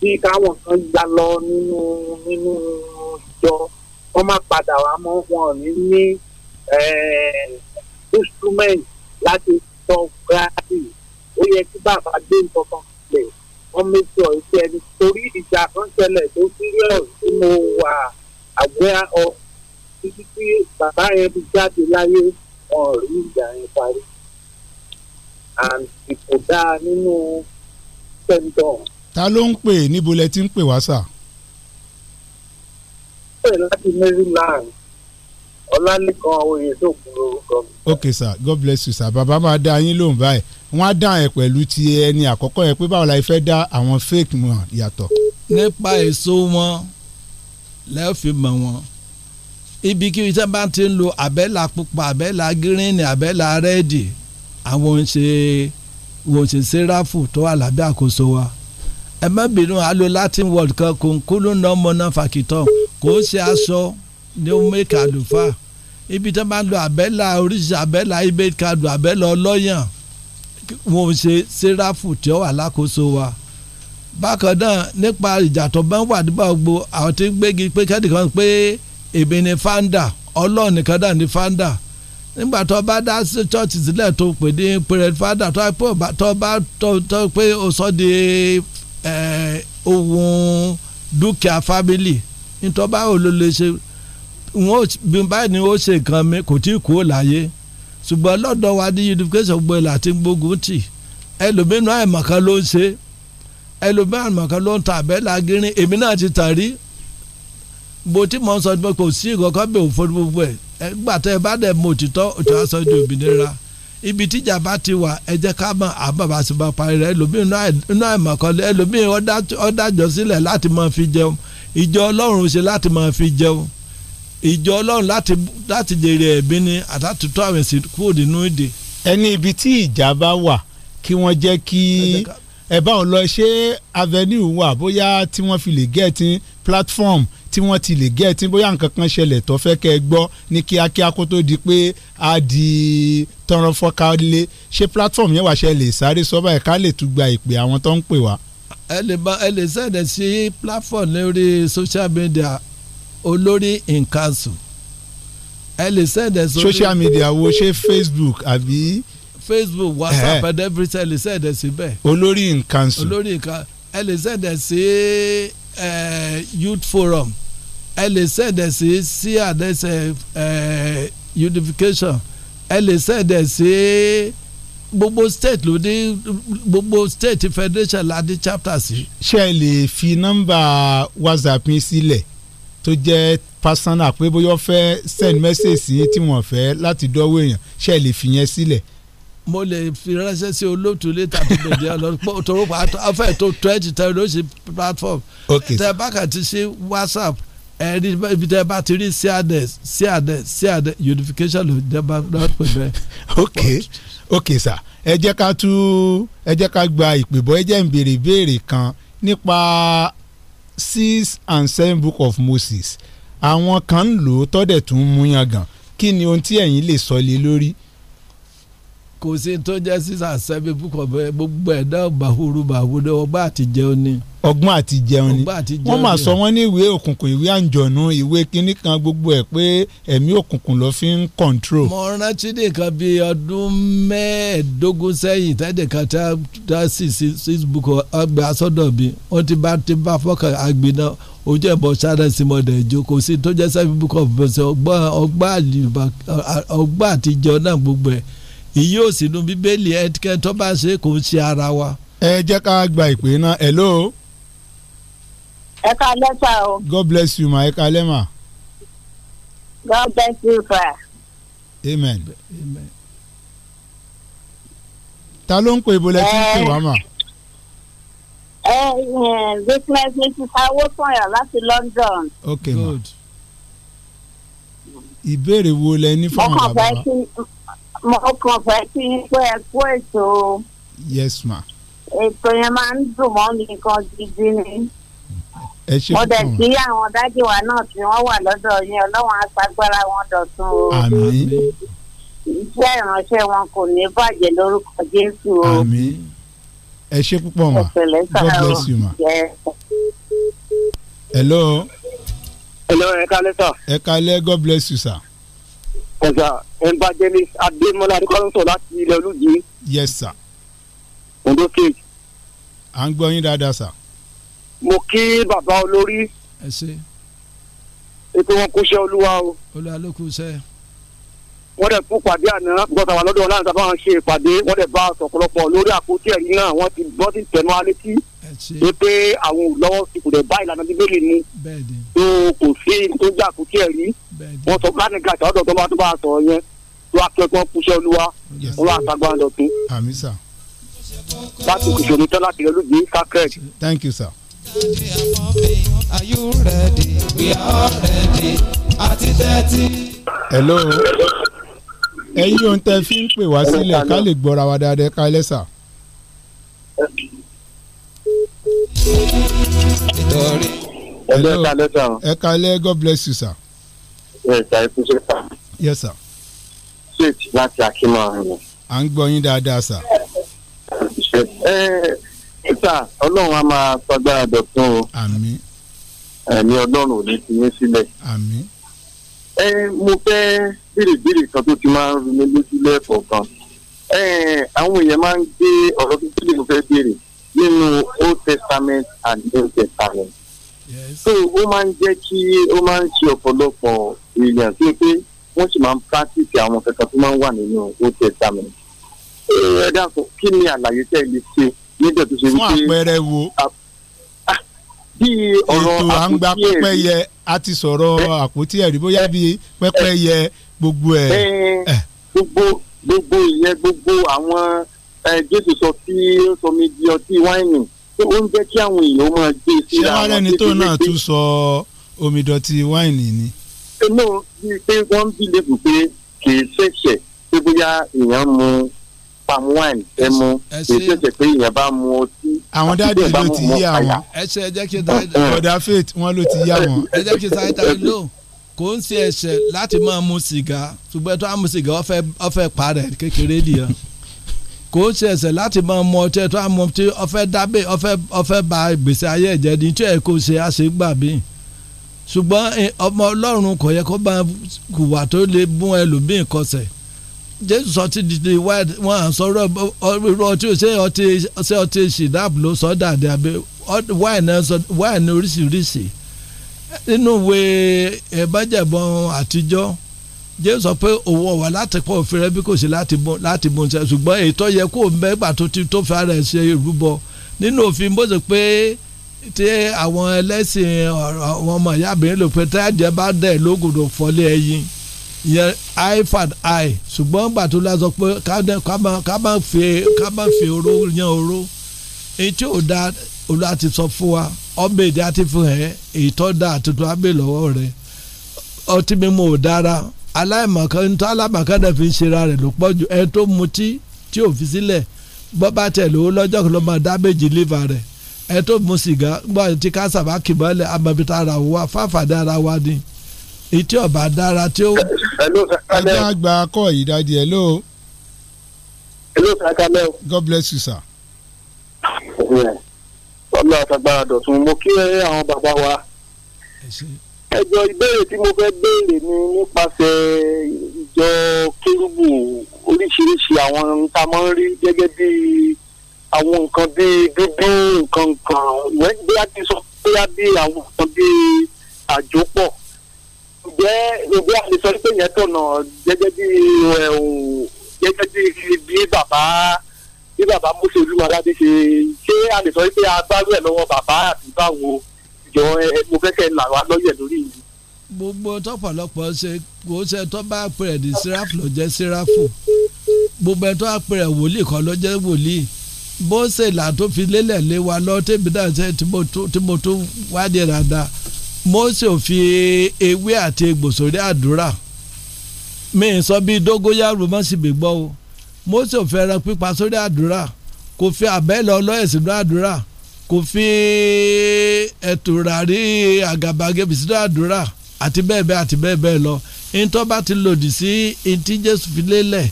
bí káwọn kan gbà lọ nínú nínú ìjọ wọn má padà wá mọ́ wọn ní ní eh, instrument láti sọ gíláàsì ó yẹ kí bàbá gbé nǹkan kan wọ́n mẹ́jọ ìṣe ẹni torí ìjà kan ṣẹlẹ̀ tó serious tí mo wà àgbẹ̀ ọ títí tí bàbá yẹn fi jáde láyé wọn rí ìjà yẹn parí and kò dáa nínú sẹ́ńtọ̀. ta ló ń pè níbo lẹ ti ń pè wá sà. pè láti maryland ọlálẹ́kan oyèsókun lórúkọ ok sir god bless you sir bàbá máa dá yín lóhùn báyìí wọ́n á dá ẹ pẹ̀lú ti ẹni àkọ́kọ́ yẹn pé báwo la fẹ́ dá àwọn fake mọ̀ yàtọ̀. nípa èso wọn lẹ́ẹ̀ fi mọ̀ wọn ibikíbi tí wọ́n bá ti ń lo àbẹ́là pupa àbẹ́là gírínì àbẹ́là rẹ́ẹ̀dì àwọn ṣe wọ́n ṣe sẹ́ráfù tó wà lábẹ́ àkóso wa ẹ má bínú alo latin word kan kò ń kúlù nọ́mọ náà fàkìtọ̀ kò ń ṣe aṣọ ní omeke àlùfáà ibi tí wọ́n bá ń lo àbẹ́là oríṣi àbẹ́là ibẹ̀ kadu àbẹ́là ọlọ́yàn wọn ò ṣe sẹ́ráfù tí ó wà lákòóso wa bákan náà nípa ìjà tó bá ń wà nígbà gbogbo àwọn tí ń gbégi pé kẹ́nìkan pé èmi ni founder ọlọ́run nìkan náà ni founder nígbà tó bá dá sí church sílẹ̀ tó pè ní parent founder tó pé tó bá tó pé o sọ di eh, ohun dúkìá family nítorí báwo ló lè ṣe bí n báyìí ni ó ṣe nǹkan mi kò tí ì kú láyé ṣùgbọ́n lọ́dọ̀ wa ní unification gbogbo ìlà tí ń gbógun tì ẹlòmínú àìmọ̀kan ló ń ṣe ẹlòmínú àìmọ̀kan ló ń ta àbẹ́là gírín èmi náà ti tàn rí bó tí mo ń sọ pé kò sí ìkọ̀kọ́ bẹ̀ òfin gbogbo ẹ̀ ẹgbà tẹ́ ẹ bá dẹ̀ mọ òtítọ́ òtún aṣọ ìdí òmìnira ibi tíjà bá ti wà ẹ ká mọ̀ àbàbà sì bá parí rẹ̀ ẹlòmínú àìmọ̀kan ẹlòmínú ọ̀dájọ́ sílẹ̀ láti máa fi jẹun ìjọ ọlọ́run ṣe láti máa fi jẹun ìjọ ọlọ́run láti láti jèrè ẹ̀bí ni àtàtúntò àwọn èsì kúrò nínú èdè. ẹni ibi tí ìjà bá wà kí wọ́n jẹ́ kí ẹ bá lọ ṣé avenue wà bóyá tí wọ́n fi lè gẹ̀ẹ́tì platform tí wọ́n ti lè gẹ̀ẹ́tì bóyá nǹkan kan ṣẹlẹ̀ tó fẹ́ kẹ́ ẹ gbọ́ ní kíákíá kó tó di pé a di tọrọn fọ́ká lé ṣé platform yẹn wà ṣe lè sáré sọ́ba ẹ̀ ká lè tún gba ìpè àwọn tó ń pè wá. ẹ lè bá sí platform lórí social media olórí in council ẹ lè send ẹ sórí. social media wo ṣe facebook àbí. facebook whatsapp eh. and everything ẹ lè send ẹ síbẹ̀. olórí in council. olórí in council ẹ lè send ẹ sí youth forum ẹ lè send ẹ sí sí unification ẹ lè send ẹ sí gbogbo state ló ní gbogbo state federation la ní chapter sí. ṣé ẹ lè fi nọ́mbà whatsapp yín sílẹ̀. Si tó jẹ́ personal pé bóyá fẹ́ send message sí tí wọ́n fẹ́ láti dọ́wọ́ èèyàn ṣe lè fi yẹn sílẹ̀. mo lè fi ránṣẹ́ sí olóòtú létà tó lòdì àlọ́ torí pa afẹ́ tó twenty ten ló ṣe platform. ok tẹ bákan ti ṣe whatsapp ẹni ibi tẹ bá ti rí cns cns cns unification ló dé bá náà ok ok sir ẹ jẹ́ ká tú ẹ jẹ́ ká gba ìpè bọ́ ẹ jẹ́ ń béèrè ìbéèrè kan nípa six and seven book of Moses àwọn kan ń lò ó tọ́dẹ̀ tún mú yan gan kí ni ohun tí ẹ̀yin lè sọ lé lórí kò sí tó jẹ́ sísà sẹ́bi púpọ̀ bẹ́ẹ̀ gbogbo ẹ̀dá bàhúrú bàhúrú ọgbọ́n àti jẹun ni. ọgbọ́n àti jẹun ni wọ́n máa sọ wọ́n ní ìwé òkùnkùn ìwé àǹjọ̀nú ìwé kínní kan gbogbo ẹ̀ pé ẹ̀mí òkùnkùn ló fi ń control. mo rántí nìkan bíi ọdún mẹ́ẹ̀ẹ́dógún sẹ́yìn tẹ́lẹ̀ kan tá a sì facebook ọgbà sọ́dọ̀ mi wọ́n ti bá ti bá fọ́kàn àgbìnà ojú ẹ̀bọ̀ sáré simọ̀dẹ̀ ìjó kò sí tó jẹ́ sẹ́bi púpọ̀ bẹ̀sẹ̀ ọgbọ́n àtijọ́ náà gbogbo ẹ̀ ìyí ò sínú bíbélì ẹ̀ẹ́dẹ́kẹ́ tó bá ṣe kò ń ṣe ara wa. ẹ jẹ́ ká gba ìpè náà hello. ẹ ká lẹ́sà o. God bless you ma ẹ ká lẹ́mà. God bless you sir. amen. amen. ta ló ń pè ibo lẹ́sìn tí wàá mà. ẹ ẹ business mrs awosanya láti London. ok ma ìbéèrè wo lẹ ní fún àwọn bàbá mo kàn fẹ́ kí n pé ẹ kú ètò. yes ma. ètò yẹn máa ń dùn mọ́ mi nǹkan gidi ni. ẹ ṣe fún wa mo dẹ̀ kí àwọn dájú wa náà tí wọ́n wà lọ́dọ̀ yín ọlọ́run aṣagbára wọn dọ̀tun o. àmín. iṣẹ́ ìránṣẹ́ wọn kò ní bàjẹ́ lórúkọ jésù o. àmín. ẹ ṣe púpọ̀ ma god bless you ma. hello. hello ẹ kálẹ́ sir. ẹ kálẹ́ god bless you sir ọ̀gá evangelist adémọlá adékọ́lọ́sọ̀ láti ilẹ̀ olúje. yes sir. ondo state. à ń gbọ́ yín dáadáa sà. mo kí bàbá olórí. ẹ ṣe. ètò wọn kúṣẹ́ olúwa o. olúwa ló kúṣẹ́ wọ́n dẹ̀ fún pàdé àná gbọ́dọ̀ wà lọ́dọ̀ ọlọ́run tàbá wọn ṣe ìpàdé wọ́n dẹ̀ bá ọ̀sọ̀ lórí àpótí ẹ̀rí náà wọ́n ti bọ́ sí tẹnu alẹ́ tí pé àwọn olùlọ́wọ́ ti kò bá ìlànà bíbélì mu tó kò sí tó gbà àpótí ẹ̀rí wọ́n sọ láti ga àṣà ọ̀dọ̀ tó bá tó bá sọ̀rọ̀ yẹn tó akẹ́kọ̀ọ́ kúṣẹ́ olúwa wọn wà àtàgbà ọ̀dọ̀tún. láti kùsùn ní tọ́lá tìrẹ lóde kákẹ́ẹ̀tì. Thank Hello. Eyi ohun fi ń pè wá sílẹ̀ ká lè gbọ́ra wa dáadáa ká lẹ́sà. ẹ kalẹ́ God bless you sir. yes sir. sweet láti akínmọ́. à ń gbọ́ yín dáadáa sà. ẹ ẹ sà ọlọ́run á máa sọgbára dọ̀tún o. àmín. ẹ̀mí ọlọ́run ò ní fi sílẹ̀. ẹ mo fẹ́ béèrè béèrè kan tó ti máa ń rumi lójú lẹ́ẹ̀kọ̀ọ̀kan àwọn èèyàn máa ń gbé ọ̀rọ̀ bíbélì mo fẹ́ béèrè nínú old testament and new testament so ó máa ń jẹ́ kí ó máa ń ṣe ọ̀pọ̀lọpọ̀ èèyàn tó pé wọ́n sì máa ń practice àwọn kankan tó máa ń wà nínú old testament ẹ dáàbò kí ni àlàyé tẹ́ ẹ lè ṣe nígbà tó ṣe wípé fún àpẹẹrẹ wo bí ọ̀rọ̀ àpótí ẹ̀rí. ètò à ń gba pẹ́pẹ́yẹ a ti sọ̀rọ̀ àpótí ẹ̀rí bóyá bí pẹ́pẹ́yẹ gbogbo ẹ̀. gbogbo gbogbo ìyẹn gbogbo àwọn jésù sọ tí ó sọ mi di ọtí wáìnì tó ń jẹ́ kí àwọn èèyàn máa gbé sí ra ṣé wàá tó náà tún sọ omi dọ̀tí wáìnì ni. inú bíi pé wọ́n bí lè bù pé kì í ṣẹ̀ṣẹ̀ pé bóyá èèyàn mu palm wine ẹ mu èsì ẹsẹ pé ìyẹn bá mu ọtí. àwọn dáàdi ló ti yí àwọn ẹsẹ jẹ́ kí ọ̀dà faith wọn ló ti yí àwọn. ẹ jẹ́ kí sáyẹ́tà lò kò ń ṣe ẹ̀ṣẹ̀ láti máa mu sìgá ṣùgbọ́n tó á mu sìgá ó fẹ́ parẹ́ kékeré nìyẹn kò ń ṣe ẹ̀ṣẹ̀ láti máa mu ọtí tó á mu ọtí ó fẹ́ dábẹ́ ó fẹ́ ba ìgbésí ayé ẹ̀jẹ̀ ni tí ẹ̀ kò ṣe àṣegbà bíi ṣùgbọ́n ọmọ ọlọ́run kò yẹ kó bá kùwà tó lè bún ẹlòmíì kọsẹ̀ jésù sọ ti dìde wá wọn sọ̀rọ̀ irú ọtí ṣé ọtí ṣé ọtí ṣìdáàbù ló sọ dàdé àbí wáìnì oríṣiríṣi nínú ìwé ìbájẹ̀bọ̀n àtijọ́ jésù sọ pé òun ọ̀wà láti pọ̀ òfin rẹ bí kò sí láti bùn ṣe ṣùgbọ́n ètò yẹ kó mẹ́gbà tó ti tó fi ara ẹ̀ ṣe ìrúbọ nínú òfin bó ṣe pé tí àwọn ẹlẹ́sìn àwọn ọmọ ìyá mi lò pé táyà jẹ́ bá dẹ̀ lógùn ló fọ́lé ẹyin. E ìyẹn eye for eye ṣùgbọ́n gbà tó lásọ pé ká má fi ká má fi oró yan oró èyí ò da olúwa ti sọ fún wa ọbẹ̀ èdè àti fún ẹ̀ èyí da àtúntò abẹ́ lọ́wọ́ rẹ̀ ọtí mímu ò dára aláìmọ̀kan ní tó alámọ̀kan náà fi ń ṣera rẹ̀ ló pọ̀ jù ẹ tó mutí tí ò fi sílẹ̀ bọ́ bá tẹ̀ lówó lọ́jọ́ kan ló máa dá méjì lífà rẹ̀ ẹ tó mu sìgá gbọ́ ti ká sàbákì mọ́lẹ̀ amọ̀bìtà ara wa fáfàdé ara wa ni etí ọba dára tí ó. ẹjọ́ àgbà akọ yìí dájú ẹ̀ ló. hello sir God bless you sir. ọlọ́ àtàgbàrà dọ̀tun mo kí àwọn bàbá wa. ẹjọ́ ìbéèrè tí mo fẹ́ béèrè ni nípasẹ̀ ìjọ kérúbù oríṣiríṣi àwọn tá máa ń rí gẹ́gẹ́ bí àwọn nǹkan bíi dúdú nǹkan kan bí a sọ pé bí àwọn nǹkan bíi àjọpọ̀ ǹjẹ́ ǹjẹ́ a yẹn tọ̀nà gẹ́gẹ́ bí gẹ́gẹ́ bí bí bàbá bí bàbá Mósè Olúwadáde ṣe ṣé a lè ẹ̀ lọ́wọ́ bàbá àti báwo jọ mo fẹ́ là wá lọ́yẹ̀ lórí yìí. gbogbo tọ̀pọ̀lọpọ̀ ṣe kò ṣe tó bá pẹrẹ di síráfù ló jẹ́ síráfù gbogbo ẹ tó wòlíì kan ló jẹ́ wòlíì bó ṣe là tó fi lélẹ̀ lé wa lọ tẹ́bi náà ṣe tí mo tún wádìí dáadáa Mósè ò fi ewé àti egbò sórí àdúrà mi sọ bí dógóyàrú mọ́ síbi gbọ́ o Mósè ò fi ẹran pípa sórí àdúrà kò fi àbẹ́lẹ̀ ọlọ́yẹ̀ sínú àdúrà kò fi ẹ̀tùràrí àgàbàgebè sínú àdúrà àti bẹ́ẹ̀ bẹ́ẹ̀ àti bẹ́ẹ̀ bẹ́ẹ̀ lọ ntọ́ bá ti lòdì sí ntí Jésù fi lélẹ̀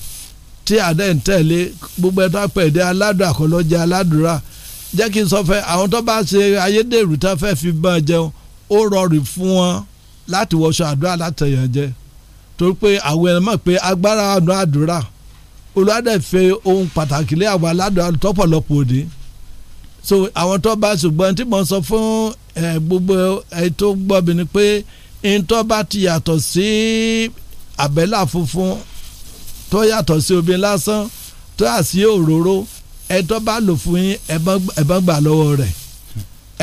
tí àdá ń tẹ̀lé gbogbo ẹ̀tọ́ àpẹẹ̀dẹ́ aládùn àkọlọ́jẹ aládùúrà jẹ́ kí n sọ fẹ́ àwọn tó bá ṣe ayédèrú tá fẹ́ fi bá jẹun ó rọrùn fún wọn láti wọṣọ àdúrà látẹ̀yàn jẹ torí pé àwọn ẹ̀rọ mọ̀ pé agbára àánú àdúrà olùwádẹ́fẹ́ ohun pàtàkì lé àwọn aládùn àtọ́pọ̀lọpọ̀ òde so àwọn tó bá ṣùgbọ́n tí mo sọ fún gbogbo ẹ tó gbọ́ mi ni pé ntọ́ bá ti yàtọ̀ sí àbẹ́là funfun tó yàtọ̀ sí omi lásán tó yà sí òróró ẹ tó bá lò fún yín ẹ bá gbà lọ́wọ́ rẹ̀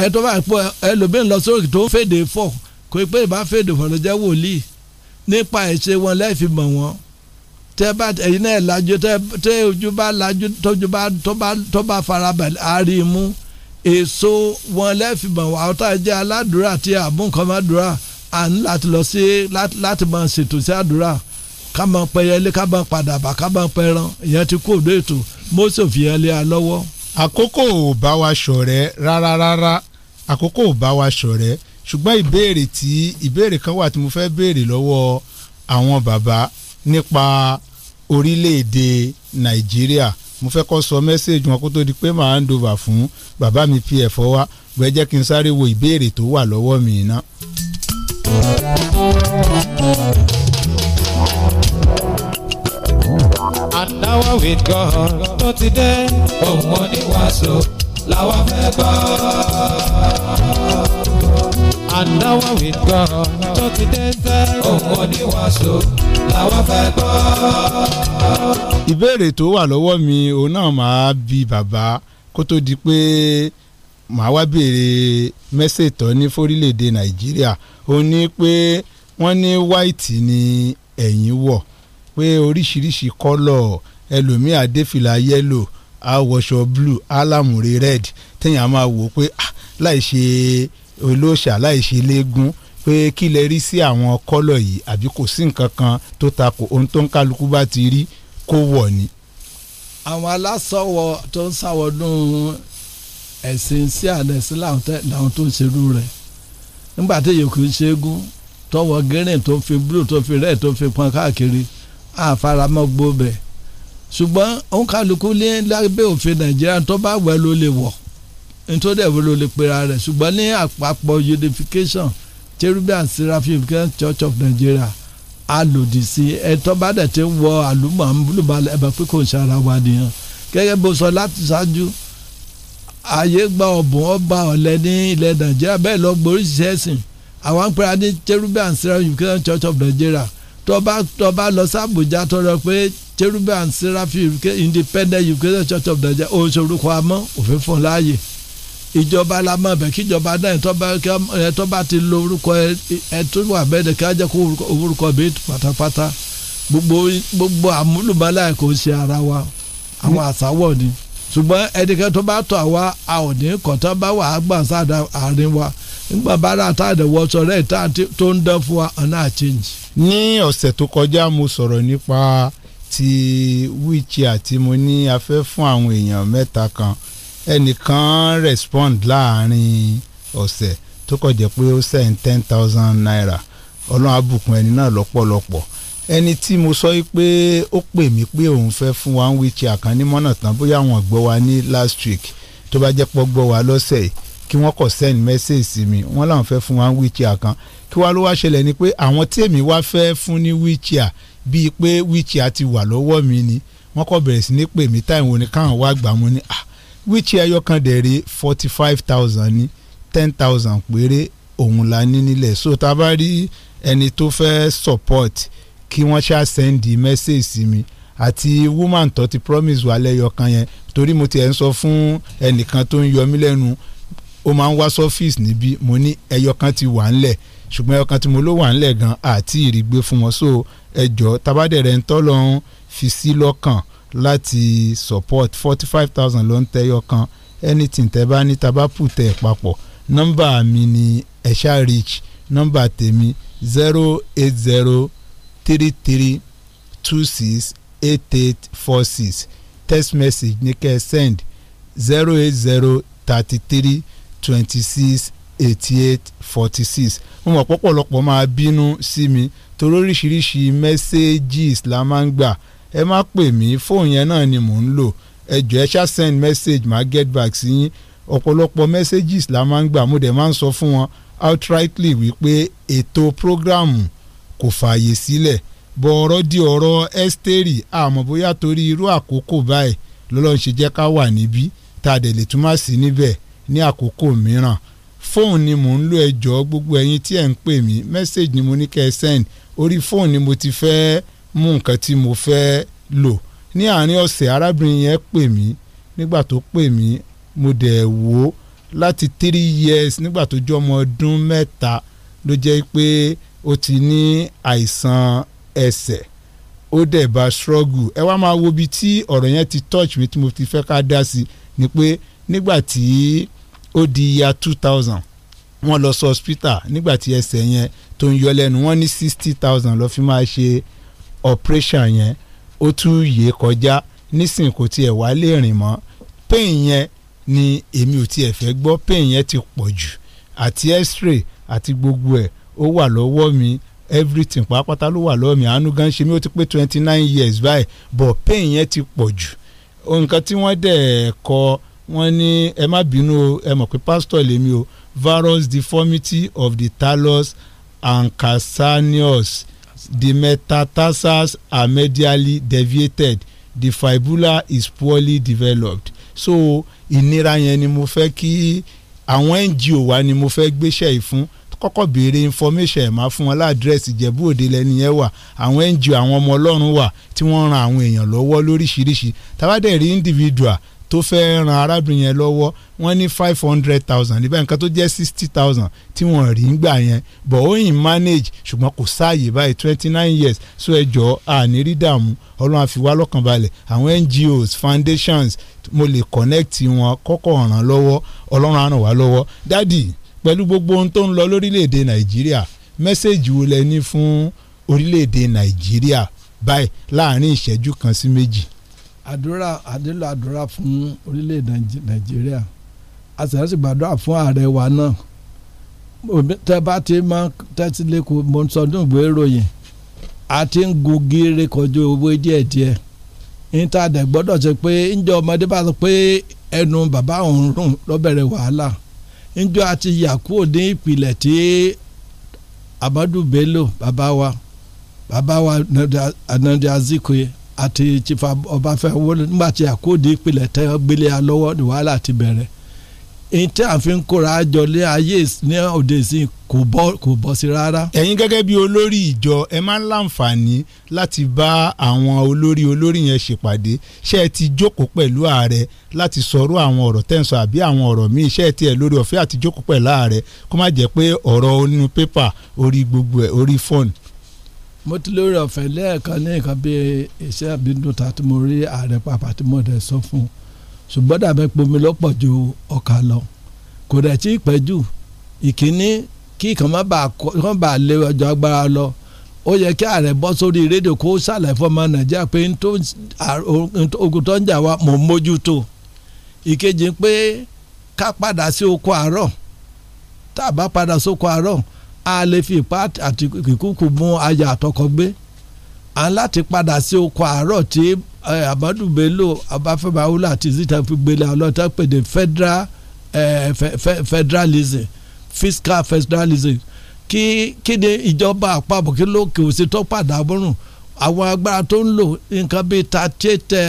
ẹ tó bá pọ̀ ẹlòmíín lọ sórí tó fèdè fọ̀ kò pé ìbá fèdè fọ̀ ló jẹ́ wòlíì nípa ìṣe wọn lẹ́ẹ̀fì mọ̀ wọn tẹ bá ẹ̀yin náà lajú tẹ ojú bá lajú tójú bá tó bá farabalẹ̀ àrímú èso wọn lẹ́ẹ̀fì mọ̀ wọn àwọn tá a jẹ́ aládùúrà tí a mú nǹkan má dùúrà à ń láti lọ sí láti máa ṣètò sí àdúrà ká máa pẹyẹlé ká máa padà bá ká máa pẹran ìyẹn ti kó òdo ètò mọ́sọ̀ fìyẹlé a lọ́wọ́. àkókò ò bá wa ṣọ̀rẹ́ rárá rárá àkókò ò bá wa ṣọ̀rẹ́ ṣùgbọ́n ìbéèrè tí ìbéèrè kan wà tí mo fẹ́ béèrè lọ́wọ́ àwọn bàbá nípa orílẹ̀-èdè nàìjíríà mo fẹ́ kọ́ sọ mẹ́sẹ̀gì wọn kó tó di pé màá ń dovà fún bàbá mi pf wa bẹ́ẹ̀ jẹ́ kí n sáré wo ìbéèrè tó wà lọ́wọ́ mi ná. and now tó ti dé òun mọ́ ní wàásù làwa fẹ́ gbọ́. Àdáwọ̀ wí gbọ́ tó ti dé sẹ́. Òun oníwàásù làwa fẹ́ gbọ́. Ìbéèrè tó wà lọ́wọ́ mi òun náà máa bi bàbá kó tó di pé màá wá béèrè mẹ́sẹ̀ tán ní fórílẹ̀-èdè Nàìjíríà ó ní pé wọ́n ní white ni ẹ̀yìn wọ̀ pé oríṣiríṣi kọ́lọ̀ ẹlòmíà dé fìlà yẹ́lò á wọṣọ blue á lámùrè red téèyàn máa wò ó pé láì ṣe olóòṣà láì ṣe léegun pé kí lè rí sí àwọn kọ́lọ̀ yìí àbí kò sí nǹkan kan tó takò ohun tó ń kálukú bá ti rí kó wọ̀ ni. àwọn alásọwọ tó ń ṣàwọdún ẹ̀sìn sí àdẹ̀sí làwọn tó ń ṣerú rẹ̀ nígbà tí yòókù ń ṣẹ́gun tọwọ́ gírìn tó fi blue tó fi red tó fi pọn káàkiri àfaramọ́ gbó ṣùgbọ́n òun kálukú ní lábẹ́ òfin nàìjíríà tó bá wẹ̀ ló lè wọ̀ nítorí ẹ̀wọ̀n ló lè pera rẹ̀ ṣùgbọ́n ní àpapọ̀ unification cherubim and seraphim church of nigeria a lòdì sí ẹ tó bá dẹ̀ ti wọ àlùmọ̀ àmúlùmọ̀lẹ̀ ẹ̀bẹ̀ pé kò ń ṣara wa nìyẹn gẹ́gẹ́ bó sọ láti ṣáájú ààyè gba ọ̀bùn ọba ọ̀lẹ ní ilẹ̀ nàìjíríà bẹ́ẹ̀ lọ gborí ṣẹ́sìn àwọn ń pera ní cherubim and seraphim church of nigeria tọba tọba lọ sàbújá tọrọ pé cherubim and seraphim independent Ukrainian church of Nigeria òun ṣorúkọ amọ òfin fún láàyè ìjọba la mọ̀ bẹ́ẹ̀ kí ìjọba náà ẹ tọ́ba ti lo orúkọ ẹ tó wà bẹ́ẹ̀ ni ká jẹ́ kó orúkọ bíi pátápátá gbogbo àmúlùmọ́lá ẹ̀ kò ṣe ara wa àwọn àsáwọ̀ ni ṣùgbọ́n ẹnikẹ́ni tó bá tọ̀ àwa a ò ní kọ̀tán bá wà á gbà sáà àárín wa nígbà bá rà tá àdẹ̀wọ̀ sọ̀rọ̀ tó ń dán fún wa ọ̀nà àchẹ́ǹjì ní ọ̀sẹ̀ tó kọjá mo sọ̀rọ̀ nípa ti wheelchair tí mo ní a fẹ́ fún àwọn èèyàn mẹ́ta kan ẹnìkan respond láàrin ọ̀sẹ̀ tó kọ̀ jẹ́ pé ó send ten thousand naira ọlọ́run á bùkún ẹni náà lọ́pọ̀lọpọ̀ ẹni tí mo sọ pé ó pè mí pé òun fẹ́ fún wa ń wheelchair kan ní mọ́nà tán bóyá àwọn gbọ́ wa ní last week tó bá jẹ́ pọ́ gbọ́ wa lọ́sẹ̀ yìí kí wọ́n kọ̀ send message sí mi wọ́n làwọn fẹ́ fún wa ń wheelchair kan kí wá ló wá ṣẹlẹ̀ ni pé àwọn tèmi wá fẹ́ fún ní wheelchair bíi pé wheelchair ti wà lọ́wọ́ mi ni wọ́n kọ́ bẹ̀rẹ̀ sí ní pè mí táwọn oníkàwọn wá gbà mú ni ah wheelchair ẹyọkan forty five thousand ní ten thousand péré òun la ní nílẹ̀ so tá a bá rí ẹni tó fẹ́ support kí wọ́n ṣáà sẹ́ndì message sí mi àti woman tó ti promise wà lẹ́yọkan yẹn torí mo ti ẹ̀ ń sọ fún ẹnìkan tó ń yọ mí lẹ́nu ó máa ń wá sọ́fíìsì níbí mo ní ẹyọkan ti wà ńlẹ̀ ṣùgbọ́n ọkàn tí mo ló wà ńlẹ̀ gan àti ìrìgbé fún wọn so ẹjọ́ tabadẹ̀rẹ̀ ń tọ́ lọ́hún fi sí lọ́kàn láti support forty five thousand ló ń tẹ́yọ kan anything tẹ́ bá ní tabapu tẹ̀ papọ̀ nọ́mbà mi ni ẹ̀ṣá rich nọ́mbà tèmi zero eight zero three three two six eight eight four six text message ní kẹ́ ẹ send zero eight zero thirty three twenty six eighty eight forty six mo mọ̀ pọ́pọ̀lọpọ̀ máa bínú sí mi torí oríṣiríṣi messages la máa ń gbà ẹ má pè mí fóònù yẹn náà ni mò ń lò ẹ ẹ ṣá send message máa get back sí yín ọ̀pọ̀lọpọ̀ messages la máa ń gbà mo dẹ̀ máa ń sọ fún wọn outrightly wípé ètò prógráàmù kò fààyè sílẹ̀ bọ̀ ọ̀rọ̀ di ọ̀rọ̀ ẹ́stẹ́rì àmọ́ bóyá torí irú àkókò báyìí lọ́lọ́run ṣe jẹ́ ká wà níbí tá a dẹ̀ lè túmọ̀ sí níbẹ̀ ní àkókò mìíràn fóònù ni mò ń lo ẹjọ́ gbogbo ẹ̀yin tí ẹ̀ ń pè mí mẹ́sẹ̀gì ni mo ní kẹ́ ẹ send orí fóònù ni mo ti fẹ́ mú nǹkan tí mo fẹ́ lò ní àárín ọ̀sẹ̀ arábìnrin yẹn pè mí nígbà tó pè mí mo dẹ̀ wò ó láti three years nígbà tó jọ ọmọ ọdún mẹ́ta ló jẹ́ pé ó ti ní àìsàn ẹsẹ̀ ó dẹ̀ bá struggle ẹ wá máa wo ibi tí ọ̀rọ̀ yẹn ti touch mi tí mo ti fẹ́ ká dá sí ni pé nígbà tí ó di ya two thousand wọ́n lọ sọ hospital nígbà tí ẹsẹ̀ yẹn tó ń yọ lẹ́nu wọ́n ní sixty thousand lọ́ọ́ fi máa ṣe operation yẹn ó tún yé kọjá nísìnyí kò tiẹ̀ wá lè rìn mọ́ pain yẹn ni èmi ò tiẹ̀ fẹ́ gbọ́ pain yẹn ti pọ̀ jù àti x-ray àti gbogbo ẹ̀ ó wà lọ́wọ́ mi everything pàápàá ló wà lọ́wọ́ mi àánú gan ṣe mi ó ti pé twenty nine years báyìí but pain yẹn ti pọ̀ jù nǹkan tí wọ́n dẹ̀ kọ́ wọ́n ní ẹ má bínú o ẹ mọ̀ pé pásítọ̀ lèmi o varus deformity of the talus and calcaneus the metatarsals are medially deviated the fibula is poorly developed so ìnira yẹn ni mo fẹ́ kí àwọn NGO wa ni mo fẹ́ gbéṣẹ́ yìí kọ́kọ́ béèrè information ẹ̀ máa fún wọn ládírẹ́sì ìjẹ̀bú òde lẹ́ni yẹn wà àwọn NGO àwọn ọmọ ọlọ́run wà tí wọ́n ran àwọn èèyàn lọ́wọ́ lóríṣiríṣi tàbádẹ́rì individual tó fẹ́ ran arábìnrin yẹn lọ́wọ́ wọ́n ní five hundred thousand níbẹ̀ nǹkan tó jẹ́ sixty thousand tí wọ́n rí ń gbà yẹn but ó yìn manage ṣùgbọ́n kò sáàyè báyìí twenty nine years so ẹ jọ àní rí dààmú ọlọ́run á fi wá lọ́kàn balẹ̀ àwọn NGOs foundations mo lè connect wọn kọ́kọ́ ràn lọ́wọ́ ọlọ́run á ràn wá lọ́wọ́ dádì pẹ̀lú gbogbo ohun tó ń lọ lórílẹ̀‐èdè nàìjíríà mẹ́sẹ̀gì wo lẹ ní fún orílẹ̀‐èdè nàìjíríà báyìí láàrin ìṣẹ́jú kan sí méjì. àdúrà àdúrà àdúrà fún orílẹ̀-èdè nàìjíríà a sì láti gbàdúrà fún ààrẹ wa náà tẹ́ bá ti máa tẹ́tí lẹ́kọ̀ọ́ mo ń sọdún ìwé ìròyìn a ti ń gun gírí kọjú owó díẹ̀díẹ̀ intanet gbọ́dọ̀ ṣe pé ǹjẹ́ ọmọdé bá sọ pé ẹnu bàbá òun rùn lọ́bẹ̀rẹ̀ wàhálà ǹjọ́ ní ìpìlẹ̀ tí Amadu Bello bàbá wa bàbá wa Azikwe. àti chifa ọbáfẹ́mi wọlé nígbà tí àkóòdì ìpìlẹ̀ tẹ́ gbélé a lọ́wọ́ ní wàhálà ti bẹ̀rẹ̀ èyí tí a fi ń kóra jọ lé ayé ní òde ìsìn kò bọ́ kò bọ́ sí rárá. ẹ̀yin gẹ́gẹ́ bí olórí ìjọ ẹ máa ń láǹfààní láti bá àwọn olórí olórí yẹn ṣèpàdé ṣé ẹ ti jókòó pẹ̀lú ààrẹ láti sọ̀rọ̀ àwọn ọ̀rọ̀ tẹ̀sán àbí àwọn ọ̀rọ̀ míì ṣé ẹ ti ẹ̀ lórí ọ̀fẹ́ àti jókòó pẹ̀lú ààrẹ kó má jẹ́ pé ọ̀rọ̀ onínú pépà orí gbogbo ẹ̀ orí fọ́ọ̀nù mo ti lórí ọ̀fẹ́ lẹ́ẹ̀kan ní nǹkan bíi iṣẹ́ àbíndúta tí mo rí ààrẹ pàpà tí mo dẹ̀ sọ fún un ṣùgbọ́n dàbẹ́ pomi lọ́pọ̀ ju ọkà lọ kò dẹ̀ tí ì pẹ́ jù ìkíní kí kan má lọ ó yẹ kí ààrẹ bọ́ sórí rédíò kó nàìjíríà pé ogun tó ń jà wá mò ń mójútó ìkejì pé ká padà sí oko àárọ̀ tá a lè fi ipá àti ìkúkú mú aya àtọkọ gbé à ń láti padà sí oko àárọ̀ tí Amadu Bello Abáfẹ́mi Awólọ́wọ̀ àti zita fi gbélé ọlọ́tà pèdè federal eh, fe, fe, federalism fiscal federalism kí kéde ìjọba àpapọ̀ kí lókè òsì tó padà bọ́rùn àwọn agbára tó ń lò nǹkan bíi tàtí tẹ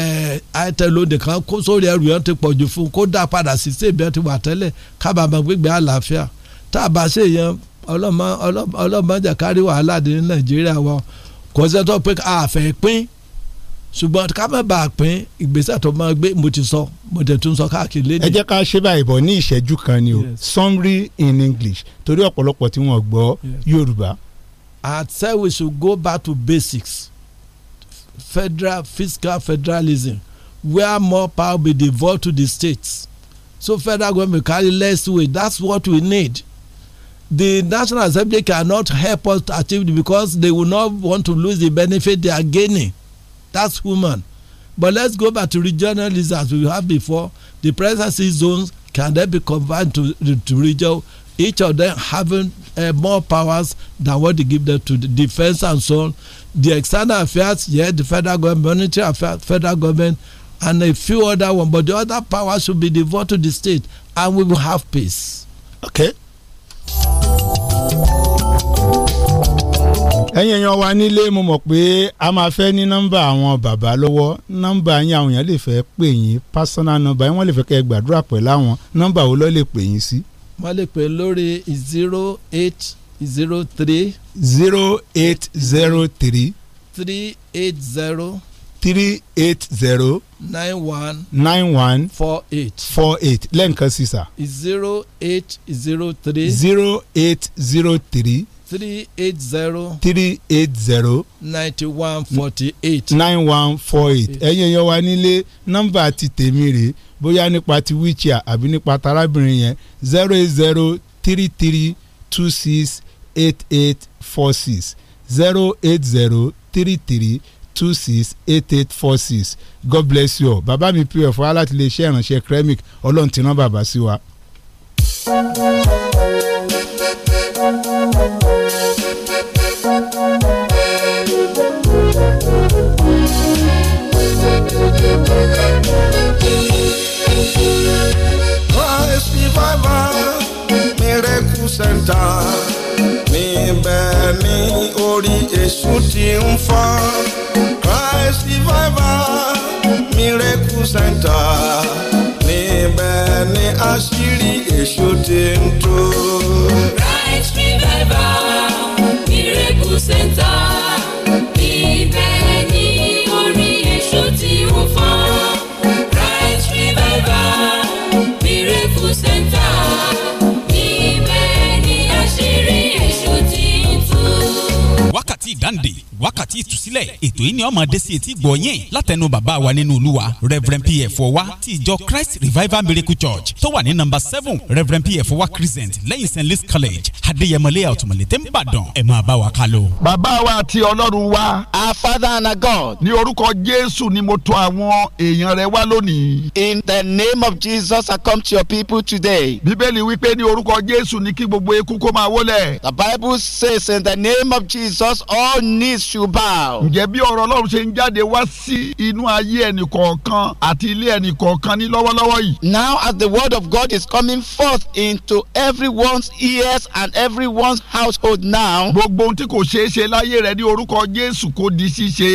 àìtẹlóde kan kó sórí ẹrù yẹn ti pọ̀jù fún kó dá padà sí sèbí ẹ ti wà tẹ́lẹ̀ kábàámọ̀ gbígbé àlàáfíà tá a bá ṣe yẹn ọlọ́mọ ọlọ́mọ jàkárí wàhálà dé ní nàìjíríà wa kò sẹ́ tó pé a fẹ́ pín ṣùgbọ́n ká má bàa pín ìgbésẹ̀ tó máa gbé mo ti sọ mo tẹ̀ tún sọ káàkiri lẹ́nu. ẹ jẹ́ ká ṣe báyìí bọ̀ ní ìṣẹ́jú kan ni o summary in english torí ọ̀pọ̀lọpọ̀ tí wọ́n gbọ́ yorùbá. I say we should go back to basics federal fiscal federalism where more power be devolved to the states so federal government carry less weight that's what we need the National Assembly cannot help us to achieve it because they will not want to lose the benefit they are gaining. That's human. But let's go back to regionalism as we have before. The presidency zones can then be combined to, to region, each of them having uh, more powers than what they give them to the defense and so on. The external affairs, yeah, the federal government, monetary affairs, federal government, and a few other one. But the other powers should be devoted to the state, and we will have peace. Okay. ẹ̀yin èèyàn wa nílé mo mọ̀ pé a máa fẹ́ ní nọ́mbà àwọn bàbá lọ́wọ́ nọ́mbà yín àwọn èèyàn lè fẹ́ pè yín personal number yín wọ́n lè fẹ́ kẹ́ ẹ gbàdúrà pẹ̀lú àwọn nọ́mbà wo lọ́ lè pè yín sí. wọ́n lè pè lórí zero eight zero three. zero eight zero three. three eight zero three eight zero. nine one. nine one. four eight. four eight lẹ́ǹkan sí sà. zero eight zero three. zero eight zero three. three eight zero. three eight zero. ninety one forty eight. nine one four eight. ẹ̀yin èèyàn wa nílé nọ́mbà ti tèmi rè bóyá nípa ti wíìchìà àbí nípa tarábìnrin yẹn zero eight zero three three two six eight eight four six zero eight zero three three two six eight eight four six god bless you all bàbá mi pray fún wa láti lè ṣe ìrànṣẹ́ kremik ọlọ́run ti rán bàbá sí wa. Christ revival miracle ni orí èṣù ti ń fọ́n. àti ìtúsílẹ̀ ètò yìí ni ó máa etí gbọ̀ yín látẹnu bàbá wa nínú olúwa reverend pf ọwa ti ìjọ christ revival miracle church tó wà ní number seven reverend pf ọwa crescent lẹ́yìn st louis college adéyẹmọlẹ́yà ọ̀túnmọ̀lẹ́ tẹ́ ń bàdàn ẹ̀ máa bá wa ká lọ. bàbá wa àti ọlọ́run wa. our father and our god. ní orúkọ jésù ni mo tọ̀ àwọn èèyàn rẹ wá lónìí. in the name of jesus i come to your people today. bíbélì wípé ní orúkọ jésù ni kí gbogbo eku kó máa wólẹ̀. the bible says in the name of jesus all needs should bow. now. ǹjẹ́ bí ọ̀rọ̀ ọlọ́run ṣe ń jáde wá sí inú ayé àti ilé ní lọ́wọ́lọ́wọ́ yìí. now as the word of God is coming forth into everyone's ears and everyone's household now. gbogbo ohun tí kò ṣeé ṣe láyé rẹ ní orúkọ Jésù kò di ṣíṣe.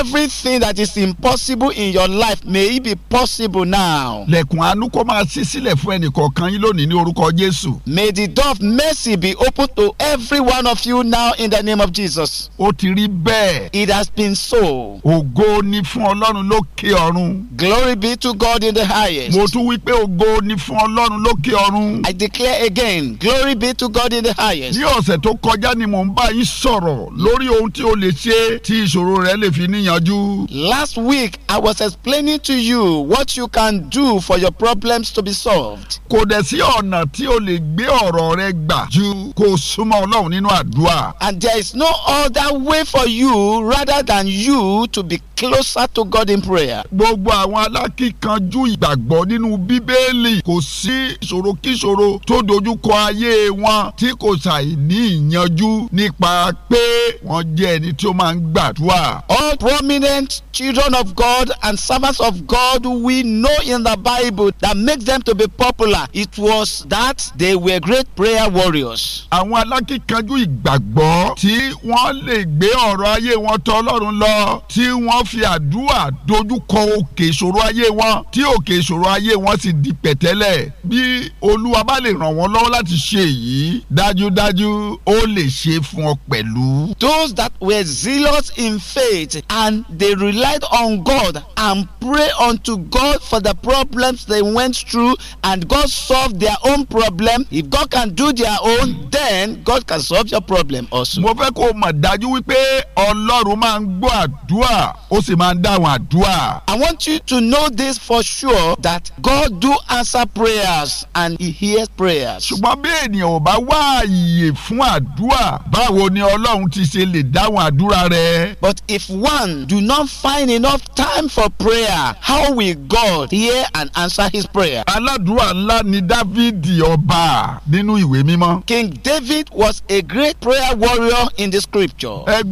everything that is impossible in your life may be possible now. lẹ̀kùn àánú kó máa ṣí sílẹ̀ fún yín lónìí ní orúkọ Jésù. may the door of mercy be open to every one of you now in the name of Jesus. ó ti rí bẹ́ẹ̀. It has been so. Ògo ni fún Ọlọ́run lókè ọ̀run. Glory be to God in the highest. Mo tún wí pé ògo ni fún Ọlọ́run lókè ọ̀run. I declare again, glory be to God in the highest. Ní ọ̀sẹ̀ tó kọjá ni mò ń bá yín sọ̀rọ̀ lórí ohun tí o lè ṣe tí ìṣòro rẹ lè fi níyanjú. Last week, I was explaining to you what you can do for your problems to be solved. Kò dẹ̀ sí ọ̀nà tí o lè gbé ọ̀rọ̀ rẹ gbà ju kó o súnmọ́ Ọlọ́run nínú àdúrà. And there is no other way for you rather than you to be closer to God in prayer. gbogbo àwọn alákìkanjú ìgbàgbọ́ nínú bíbélì kò sí ìṣòro kíṣòro tó dojúkọ ayé wọn tí kò ṣàì ní ìyanjú nípa pé wọ́n jẹ́ ẹni tí ó máa ń gbàdúrà. all prominent children of God and servants of God we know in the Bible that makes them to be popular it was that they were great prayer warriors. àwọn alákìkanjú ìgbàgbọ́ tí wọ́n lè gbé ọ̀rọ̀ ayé. ayé wọn tọ ọlọ́run lọ tí wọ́n fi àdúrà dojúkọ òkè ìṣòro ayé wọn tí òkè ìṣòro ayé wọn sì di pẹ̀tẹ́lẹ̀ bí olúwa bá lè ràn wọ́n lọ́wọ́ láti ṣe èyí dájúdájú ó lè ṣe fún ọ pẹ̀lú. Those that were zealous in faith and they relied on God and prayed unto God for the problems they went through and God solved their own problem. If God can do their own, then God can solve your problem also. Mo fẹ́ kó o mọ̀ dájú wípé ọ ọlọ́run máa ń gbọ́ àdúrà ó sì máa ń dáhùn àdúrà. I want you to know this for sure that God do answer prayers and he hears prayers. ṣùgbọ́n bí ènìyàn ò bá wá àyè fún àdúrà báwo ni ọlọ́run ti ṣe lè dáhùn àdúrà rẹ. But if one do not find enough time for prayer how will God hear and answer his prayer? aládùúrà ńlá ni Dávidi ọba nínú ìwé mímọ́. King David was a great prayer warrior in the scripture. ẹ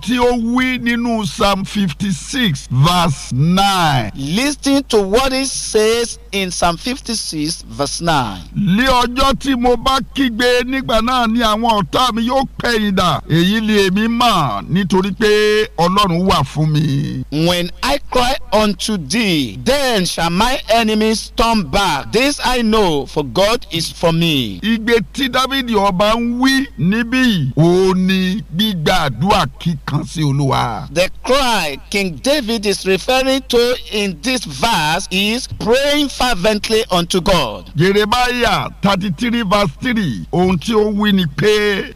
tí ó wí nínú psalm fifty six verse nine. listen to what it says in psalm fifty six verse nine. lé ọjọ́ tí mo bá kígbe nígbà náà ni àwọn ọ̀tá mi yóò kẹ́yìndà èyí ni èmi mọ̀ nítorí pé ọlọ́run wà fún mi. When I cry unto thee, then shall my enemies turn back. This I know, for God is for me. Igbe tí Dábìdì ọba ń wí níbí ó ní gbígba àdúrà kíkan sí Olúwa. The cry King David is referring to in this verse is praying fervently unto God. Jeremiah thirty three verse three ohun tí ó wí ni pé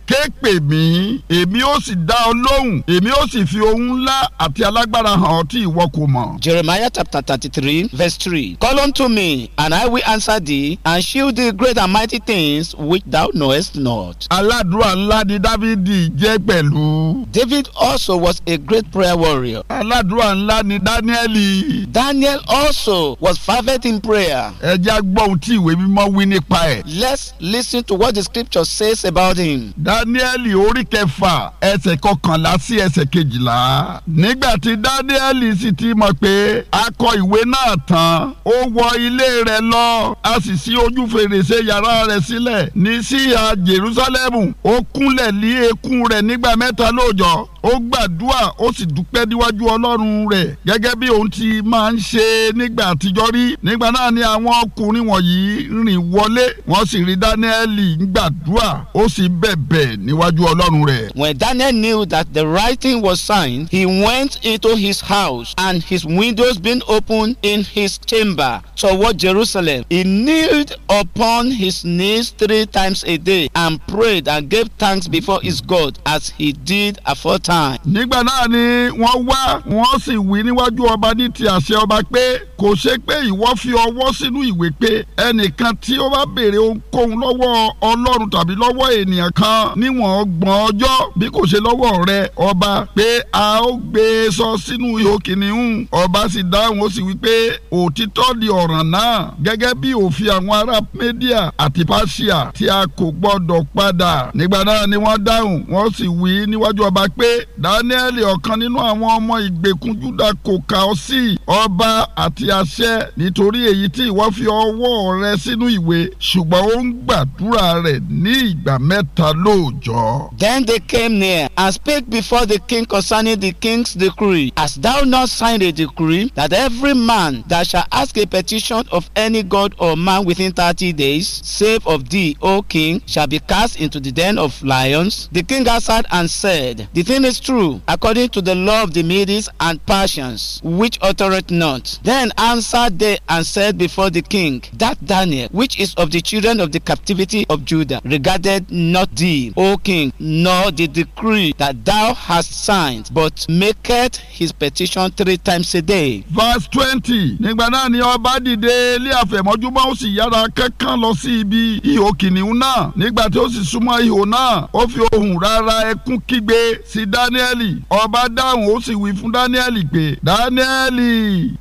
kéèpè èmi èmi ó sì dá ọ lóhùn èmi ó sì fi ohun ńlá àti alágbára hàn ọ́ tí ìwọ kò mọ̀. Jeremiah chapter thirty-three verse three Call unto me and I will answer thee and shew thee great and mighty things which thou knowest not. Aládùúrà ńlá ni Dávidi jẹ́ pẹ̀lú. David also was a great prayer warrior. Aládùúrà ńlá ni Dáníẹ́lì. Daniel also was fervent in prayer. Ẹ jẹ́ gbọ́ ohun tí ìwé mímọ́ wí nípa ẹ̀. Let's listen to what the scripture says about him. Daniel dáníẹ́lì orí kẹfà ẹsẹ̀ kọkànlá sí ẹsẹ̀ kejìlá. nígbà tí dáníẹ́lì sì ti mọ̀ pé a kọ ìwé náà tán ó wọ ilé rẹ̀ lọ a sì ṣí ojú fèrèsé yàrá rẹ̀ sílẹ̀ ní síhà Jerúsálẹ́mù ó kúnlẹ̀ lí eékún rẹ̀ nígbà mẹ́ta lóòjọ́ ó gbàdúrà ó sì dúpẹ́ níwájú ọlọ́run rẹ̀ gẹ́gẹ́ bí òun ti máa ń ṣe nígbà àtijọ́ rí nígbà náà ni àwọn ọkùnrin wọ̀nyí rìn wọlé wọ́n sì rí dáníẹ́lì ń gbàdúrà ó sì bẹ̀bẹ̀ níwájú ọlọ́run rẹ̀. When Daniel knew that the writing was signed, he went into his house and his windows being opened in his chamber toward Jerusalem. He kneeled upon his knees three times a day and prayed and gave thanks before his God as he did aforetime time. nígbà náà ni wọ́n wá wọ́n sì wí níwájú ọba ní ti àṣẹ ọba pé kò ṣe pé ìwọ fi ọwọ́ sínú ìwé pé ẹnìkan tí ó bá béèrè ohunkóhun lọ́wọ́ ọlọ́run tàbí lọ́wọ́ ènìyàn kan níwọ̀n ọgbọ̀n ọjọ́ bí kò ṣe lọ́wọ́ rẹ ọba pé a ó gbé e sọ sínú ihò kìnìún ọba sì dáhùn ó sì wí pé òtítọ́ di ọ̀ràn náà gẹ́gẹ́ bí òfin àwọn ará Médíà àti Páṣíà tí a kò gbọ́dọ̀ padà nígbà náà ni wọ́n dáhùn wọ́n sì wí níwájú ọba pé Daniel ọ̀kan nínú àwọn ọmọ ìgbèkùn Júdà kò kà ọ́ sí ọba àti àṣẹ nítorí èyí tí ìwọ fi ọwọ́ rẹ sínú ìwé ṣùgbọ́n ó ń gbàdúrà rẹ̀ ní ìgbà mẹ́ta lóòjọ́. Then they came near and spake before the king concerning the king's decree. Hast thou not signed a decree that every man that shall ask a petition of any god or man within thirty days, save of thee, O king, shall be cast into the den of lions? The king answered and said, The thing is is true according to the law of the Medes and Persians, which uttereth not. Then answered they and said before the king, That Daniel, which is of the children of the captivity of Judah, regarded not thee, O king, nor the decree that thou hast signed, but maketh his petition three times a day. Verse twenty. Nígbà náà ni ọba dìde ilé àfẹ̀mọ́júbá ó sì yára kankan lọ sí ibi ihò kìnìún náà. Nígbà tí ó sì súnmọ́ ihò náà, ó fi ohùn rárá ẹkún kígbe sí dá dáníẹ́lì ọba dáhùn ó sì wí fún dáníẹ́lì pé dáníẹ́lì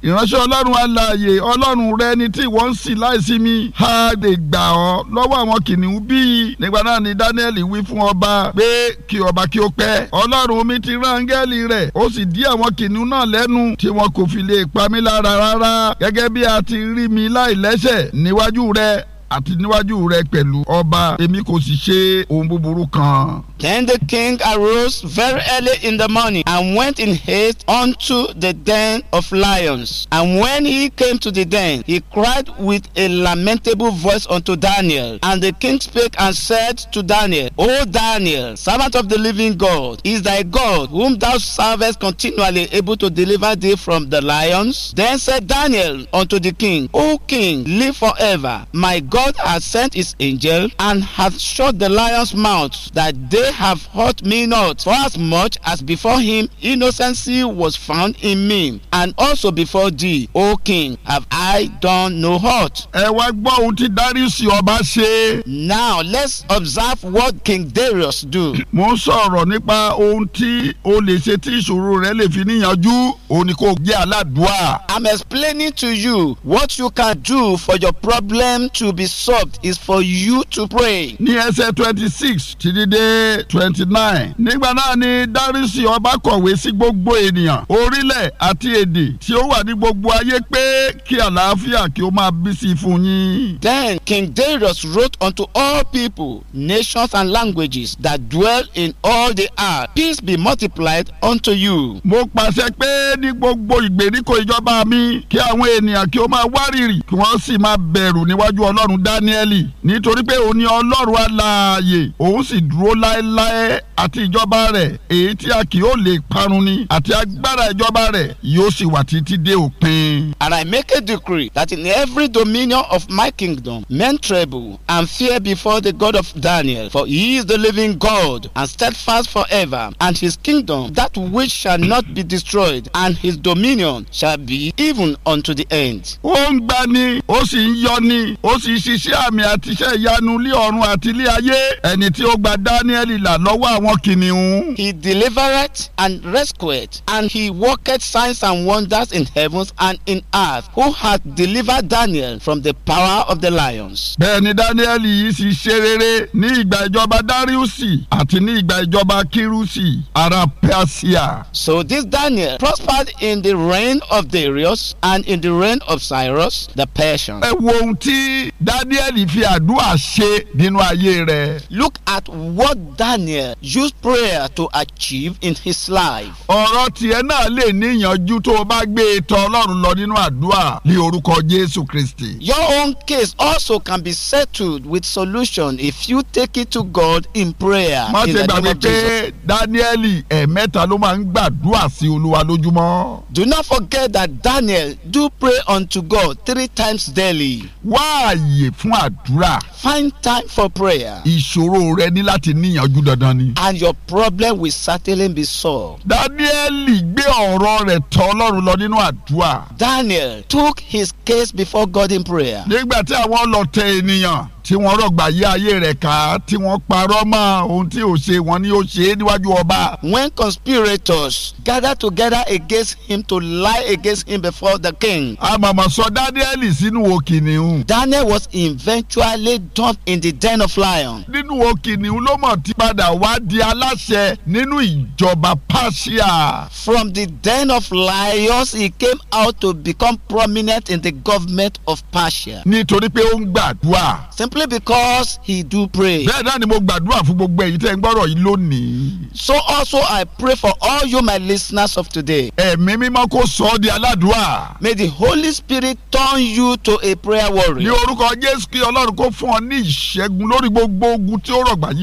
ìránṣẹ́ ọlọ́run alààyè ọlọ́run rẹ ni tí wọ́n ń sìn láìsí mi ha lè gbà ọ́ lọ́wọ́ àwọn kìnìún bíi nígbà náà ni dáníẹ́lì wí fún ọba pé kí ọba kí ó pẹ́ ọlọ́run mi ti rán áńgẹ́lì rẹ̀ ó sì dí àwọn kìnìún náà lẹ́nu tí wọn kò fi lè pa mí lára rárá gẹ́gẹ́ bí a ti rí mi láìlẹ́sẹ̀ níwájú rẹ̀ àti níwájú rẹ pẹ̀lú ọba èmi kò sì ṣe ohun búburú kan. Then the king arose very early in the morning and went in haste unto the den of lions. And when he came to the den, he cried with a lamentable voice unto Daniel. And the king spake and said to Daniel, O Daniel, servant of the living God, is thy God, whom thou servest continually, able to deliver thee from the lions? Then said Daniel unto the king, O king, live forever. My God God has sent his angel and hath shut the lions' mouth that they have hurt me not. For as much as before him innocency was found in me, and also before thee, O king, have I done no hurt. Ẹ wá gbọ́ ohun tí Darius ọba ṣe. Now let's observe what King Darius do. Mo ń sọ̀rọ̀ nípa ohun tí o lè ṣe tí ìṣòro rẹ lè fi níyanjú, òun ni kò jẹ́ aládùúà. I'm explaining to you what you can do for your problem to be be solved is for you to pray. ní ẹsẹ̀ twenty six títí dé twenty nine nígbà náà ni dárísì ọba kọ̀wé sí gbogbo ènìyàn orílẹ̀ àti èdè tí ó wà ní gbogbo ayé pé kí àlàáfíà kí ó máa bí sí fún yín. then King Darius wrote unto all people nations and languages that dwell in all the earth peace be multiplied unto you. mo pàṣẹ pé ní gbogbo ìgbèríko ìjọba mi kí àwọn ènìyàn kí ó máa wárìrì kí wọ́n sì máa bẹ̀rù níwájú Ọlọ́run karùn-ún nítorí pé òun ni ọlọ́run aláàyè òun sì dúró láéláé àti ìjọba rẹ̀ èyí tí a kì yóò lè parun ni àti agbára ìjọba rẹ̀ yóò sì wà títí dé òpin. And I make a decree that in every dominion of my kingdom men tremble and fear before the God of Daniel for he is the living God and steadfast forever and his kingdom that which shall not be destroyed and his dominion shall be even unto the end. ó ń gbani ó sì ń yọni ó sì ṣiṣẹ́ àmì àti ìyanu lé ọ̀run àti lé ayé ẹni tí ó gba Dáníẹ́lì là lọ́wọ́ àwọn kìnìún. He delivered and rescued and he worked signs and wonders in heaven and in earth who had delivered Daniel from the power of the lions. Bẹ́ẹ̀ni Dáníẹ́lì yìí sì ṣe rere ní ìgbà ìjọba Dariusi àti ní ìgbà ìjọba Kirusi ará Persia. So this Daniel prospered in the reign of Darius and in the reign of Cyrus the Persian. Ẹ wo ohun tí Daniel fi àdúrà ṣe nínú ayé rẹ̀. Look at what Daniel used prayer to achieve in his life. Ọ̀rọ̀ tiẹ̀ náà lè níyànjú tó o bá gbé ètò e Ọlọ́run lọ nínú àdúrà ní orúkọ Jésù Kristi. Your own case also can be settled with solution if you take it to God in prayer. Má ṣe gbàgbé pé Daniel ẹ̀ẹ̀mẹ́ta ló máa ń gbàdúrà sí Olúwa lójúmọ́. Do not forget that Daniel do pray unto God three times daily. Wáàyè ààyè fún àdúrà. Find time for prayer. Ìṣòro rẹ ní láti níyànjú dandan ni. And your problem will certainly be solved. Dáníẹ́lì gbé ọ̀rọ̀ rẹ̀ tọ̀ Ọlọ́run lọ nínú àdúrà. Daniel took his case before God in prayer. Nígbà tí àwọn ọlọ̀tẹ̀ ènìyàn tí wọ́n rọ̀gbà yí ayé rẹ̀ ká tí wọ́n parọ́ mọ́ ohun tí ò ṣe wọ́n ní ó ṣe níwájú ọba. when conspirators gather together against him to lie against him before the king. a mọ̀mọ́ sọ Daniel sínú wo Daniel was eventually dumped in the den of lions. nínú wo kìnìún ló mọ̀ tí padà wá di aláṣẹ nínú ìjọba Persia. from the den of lions he came out to become prominent in the government of Persia. nítorí pé ó ń gbàdúrà. simple simply because he do pray. bẹ́ẹ̀ náà ni mo gbàdúrà fún gbogbo ẹ̀yin tẹ́ ń gbọ́rọ̀ yìí lónìí. so also I pray for all you my listeners of today. ẹ̀mí mímọ́ kó sọ ọ́ di aládùúrà. may the holy spirit turn you to a prayer warrior. ní orúkọ Jésù kí Ọlọ́run kó fún ọ ní ìṣẹ́gun lórí gbogbo ogun tí ó rọ̀gbà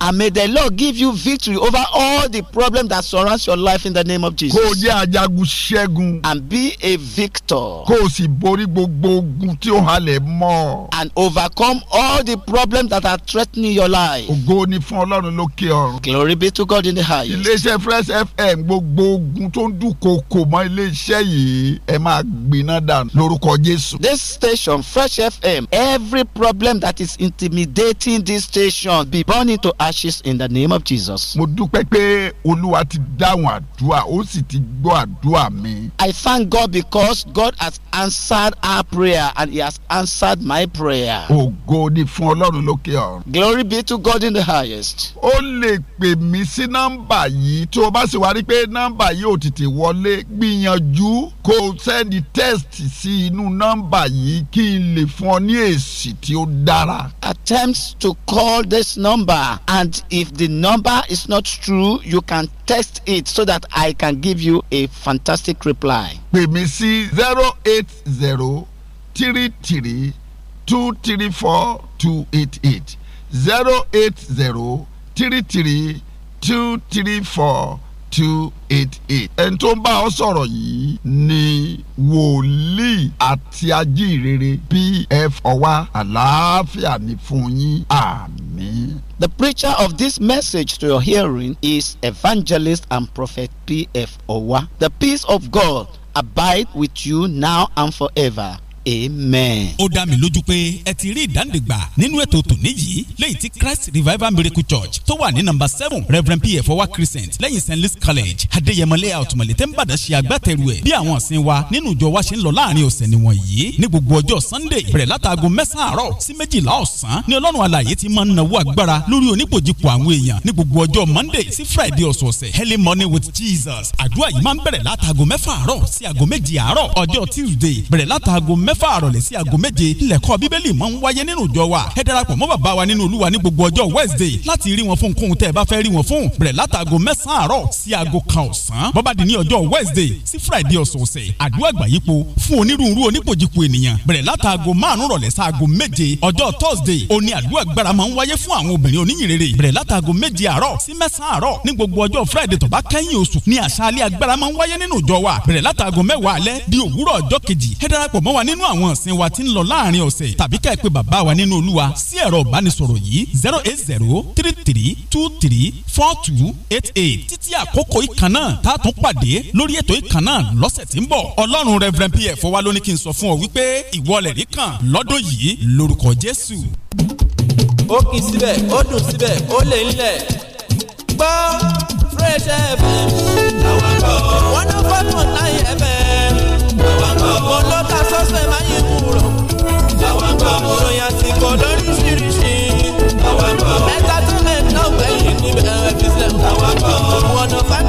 and may the Lord give you victory over all the problems that surrounds your life in the name of Jesus. kó jẹ́ ajagun ṣẹ́gun. and be a victor. kó o sì borí gbogbo ogun tí ó halẹ̀ mọ́. and overcome overcome all the problems that are threatening your life. ògo ni fún ọlọ́run ọ̀run. glory be to God in the highest. iléeṣẹ́ fresh fm gbogbo ogun tó ń dúnkokò mọ́ iléeṣẹ́ yìí ẹ máa gbiná dànù lórúkọ jésù. this station fresh fm every problem that is intimidating this station be born into ashes in the name of jesus. mo dúpẹ́ pé olúwa ti dáhùn àdúrà ó sì ti gbọ́ àdúrà mi. i thank God because God has answered our prayer and he has answered my prayer. ògo ni fún ọlọ́run lókè ọ̀run. glory be to God in the highest. ó lè pè mí sí nọ́mbà yìí tó o bá sì wá rí pé nọ́mbà yìí ò tètè wọlé gbìyànjú kó o sẹ́ndì test sí inú nọ́mbà yìí kí n lè fún ọ ní èsì tí ó dára. attempt to call this number and if the number is not true you can test it so that I can give you a fantastic reply. pè mí sí zero eight zero three three two three four two eight eight zero eight zero three three two three four two eight eight. ẹni tó ń bá ọ sọ̀rọ̀ yìí ni wòlíì àti ajíhìnrere pf ọwá àlàáfíà ni fún yín àmín. The preacher of this message to your hearing is evangelist and prophet P.F. Owa. The peace of God abide with you now and forever amen. ó dá mi lójú pé ẹ ti rí ìdánidìgbà nínú ètò tòní yìí lẹ́yìn tí christ revival miracle church tó wà ní nàmbà seven reverend pf ọwa crescent lẹ́yìn st louis college adéyẹmọlẹ́ àtùmọ̀lẹ́ tẹ́ ń bàdá ṣe agbátẹrù ẹ̀ bí àwọn ọ̀sìn wa nínú ìjọ wa ṣe ń lọ láàrin ọ̀sẹ̀ nìwọ̀n yìí ní gbogbo ọjọ́ sunday bẹ̀rẹ̀ látàgùn mẹ́sàn-án àárọ̀ sí méjìlá ọ̀sán ni ọlọ́run alààyè ti máa ń nawó agbára lórí onípojìpọ̀ àwọn èèyàn ní gbogbo ọjọ́ monday sí friday ọ̀sọ̀ọ̀sẹ̀ early morning with jesus àdúrà yìí máa ń bẹ̀rẹ̀ látàgùn mẹ́fà àárọ̀ sí àgọ́ méjì tuesday bẹ̀rẹ̀ látàgùn mẹ́fà mẹ́fà àrọ̀lẹ́ sí aago méje ilẹ̀kọ́ bíbélì máa ń wáyé nínú ìjọ wa ẹ darapọ̀ mọ́ bàbá wa nínú olúwa ní gbogbo ọjọ́ wednesday láti rí wọn fún kóhun tẹ́ ẹ bá fẹ́ rí wọn fún bẹ̀rẹ̀ látàgò mẹ́sàn-án àárọ̀ sí aago kan ọ̀sán bọ́bá di ní ọjọ́ wednesday sí friday ọ̀sọ̀ọ̀sẹ̀ àdúrà àgbáyípo fún onírúurú oníkojìpo ènìyàn bẹ̀rẹ̀ látàgò márùn-ún rọ̀lẹ́ sáago àwọn ìsìn wa ti ń lọ láàrin ọ̀sẹ̀ tàbí ká ẹ pè bàbá wa nínú olúwa sí ẹ̀rọ ìbánisọ̀rọ̀ yìí zero eight zero three three two three four two eight eight títí àkókò ìkan náà tá a tún pàdé lórí ètò ìkan náà lọ́sẹ̀ tí ń bọ̀ ọlọ́run reverend pf wa ló ní kí n sọ fún ọ wípé ìwọlẹ̀ rí kan lọ́dún yìí lórúkọ jésù. ó kì í síbẹ̀ ó dùn síbẹ̀ ó lè ń lẹ̀ gbọ́ fresh fm. one oh five point nine fm ọlọ́ta sọ́sẹ̀ máa yẹ kúrọ̀. ìròyìn àsìkò lóríṣiríṣi. mẹ́ta tún mẹ́ta ọ̀gbẹ́yìn níbẹ̀ ẹ̀fíṣẹ́. ọ̀nà fáwọn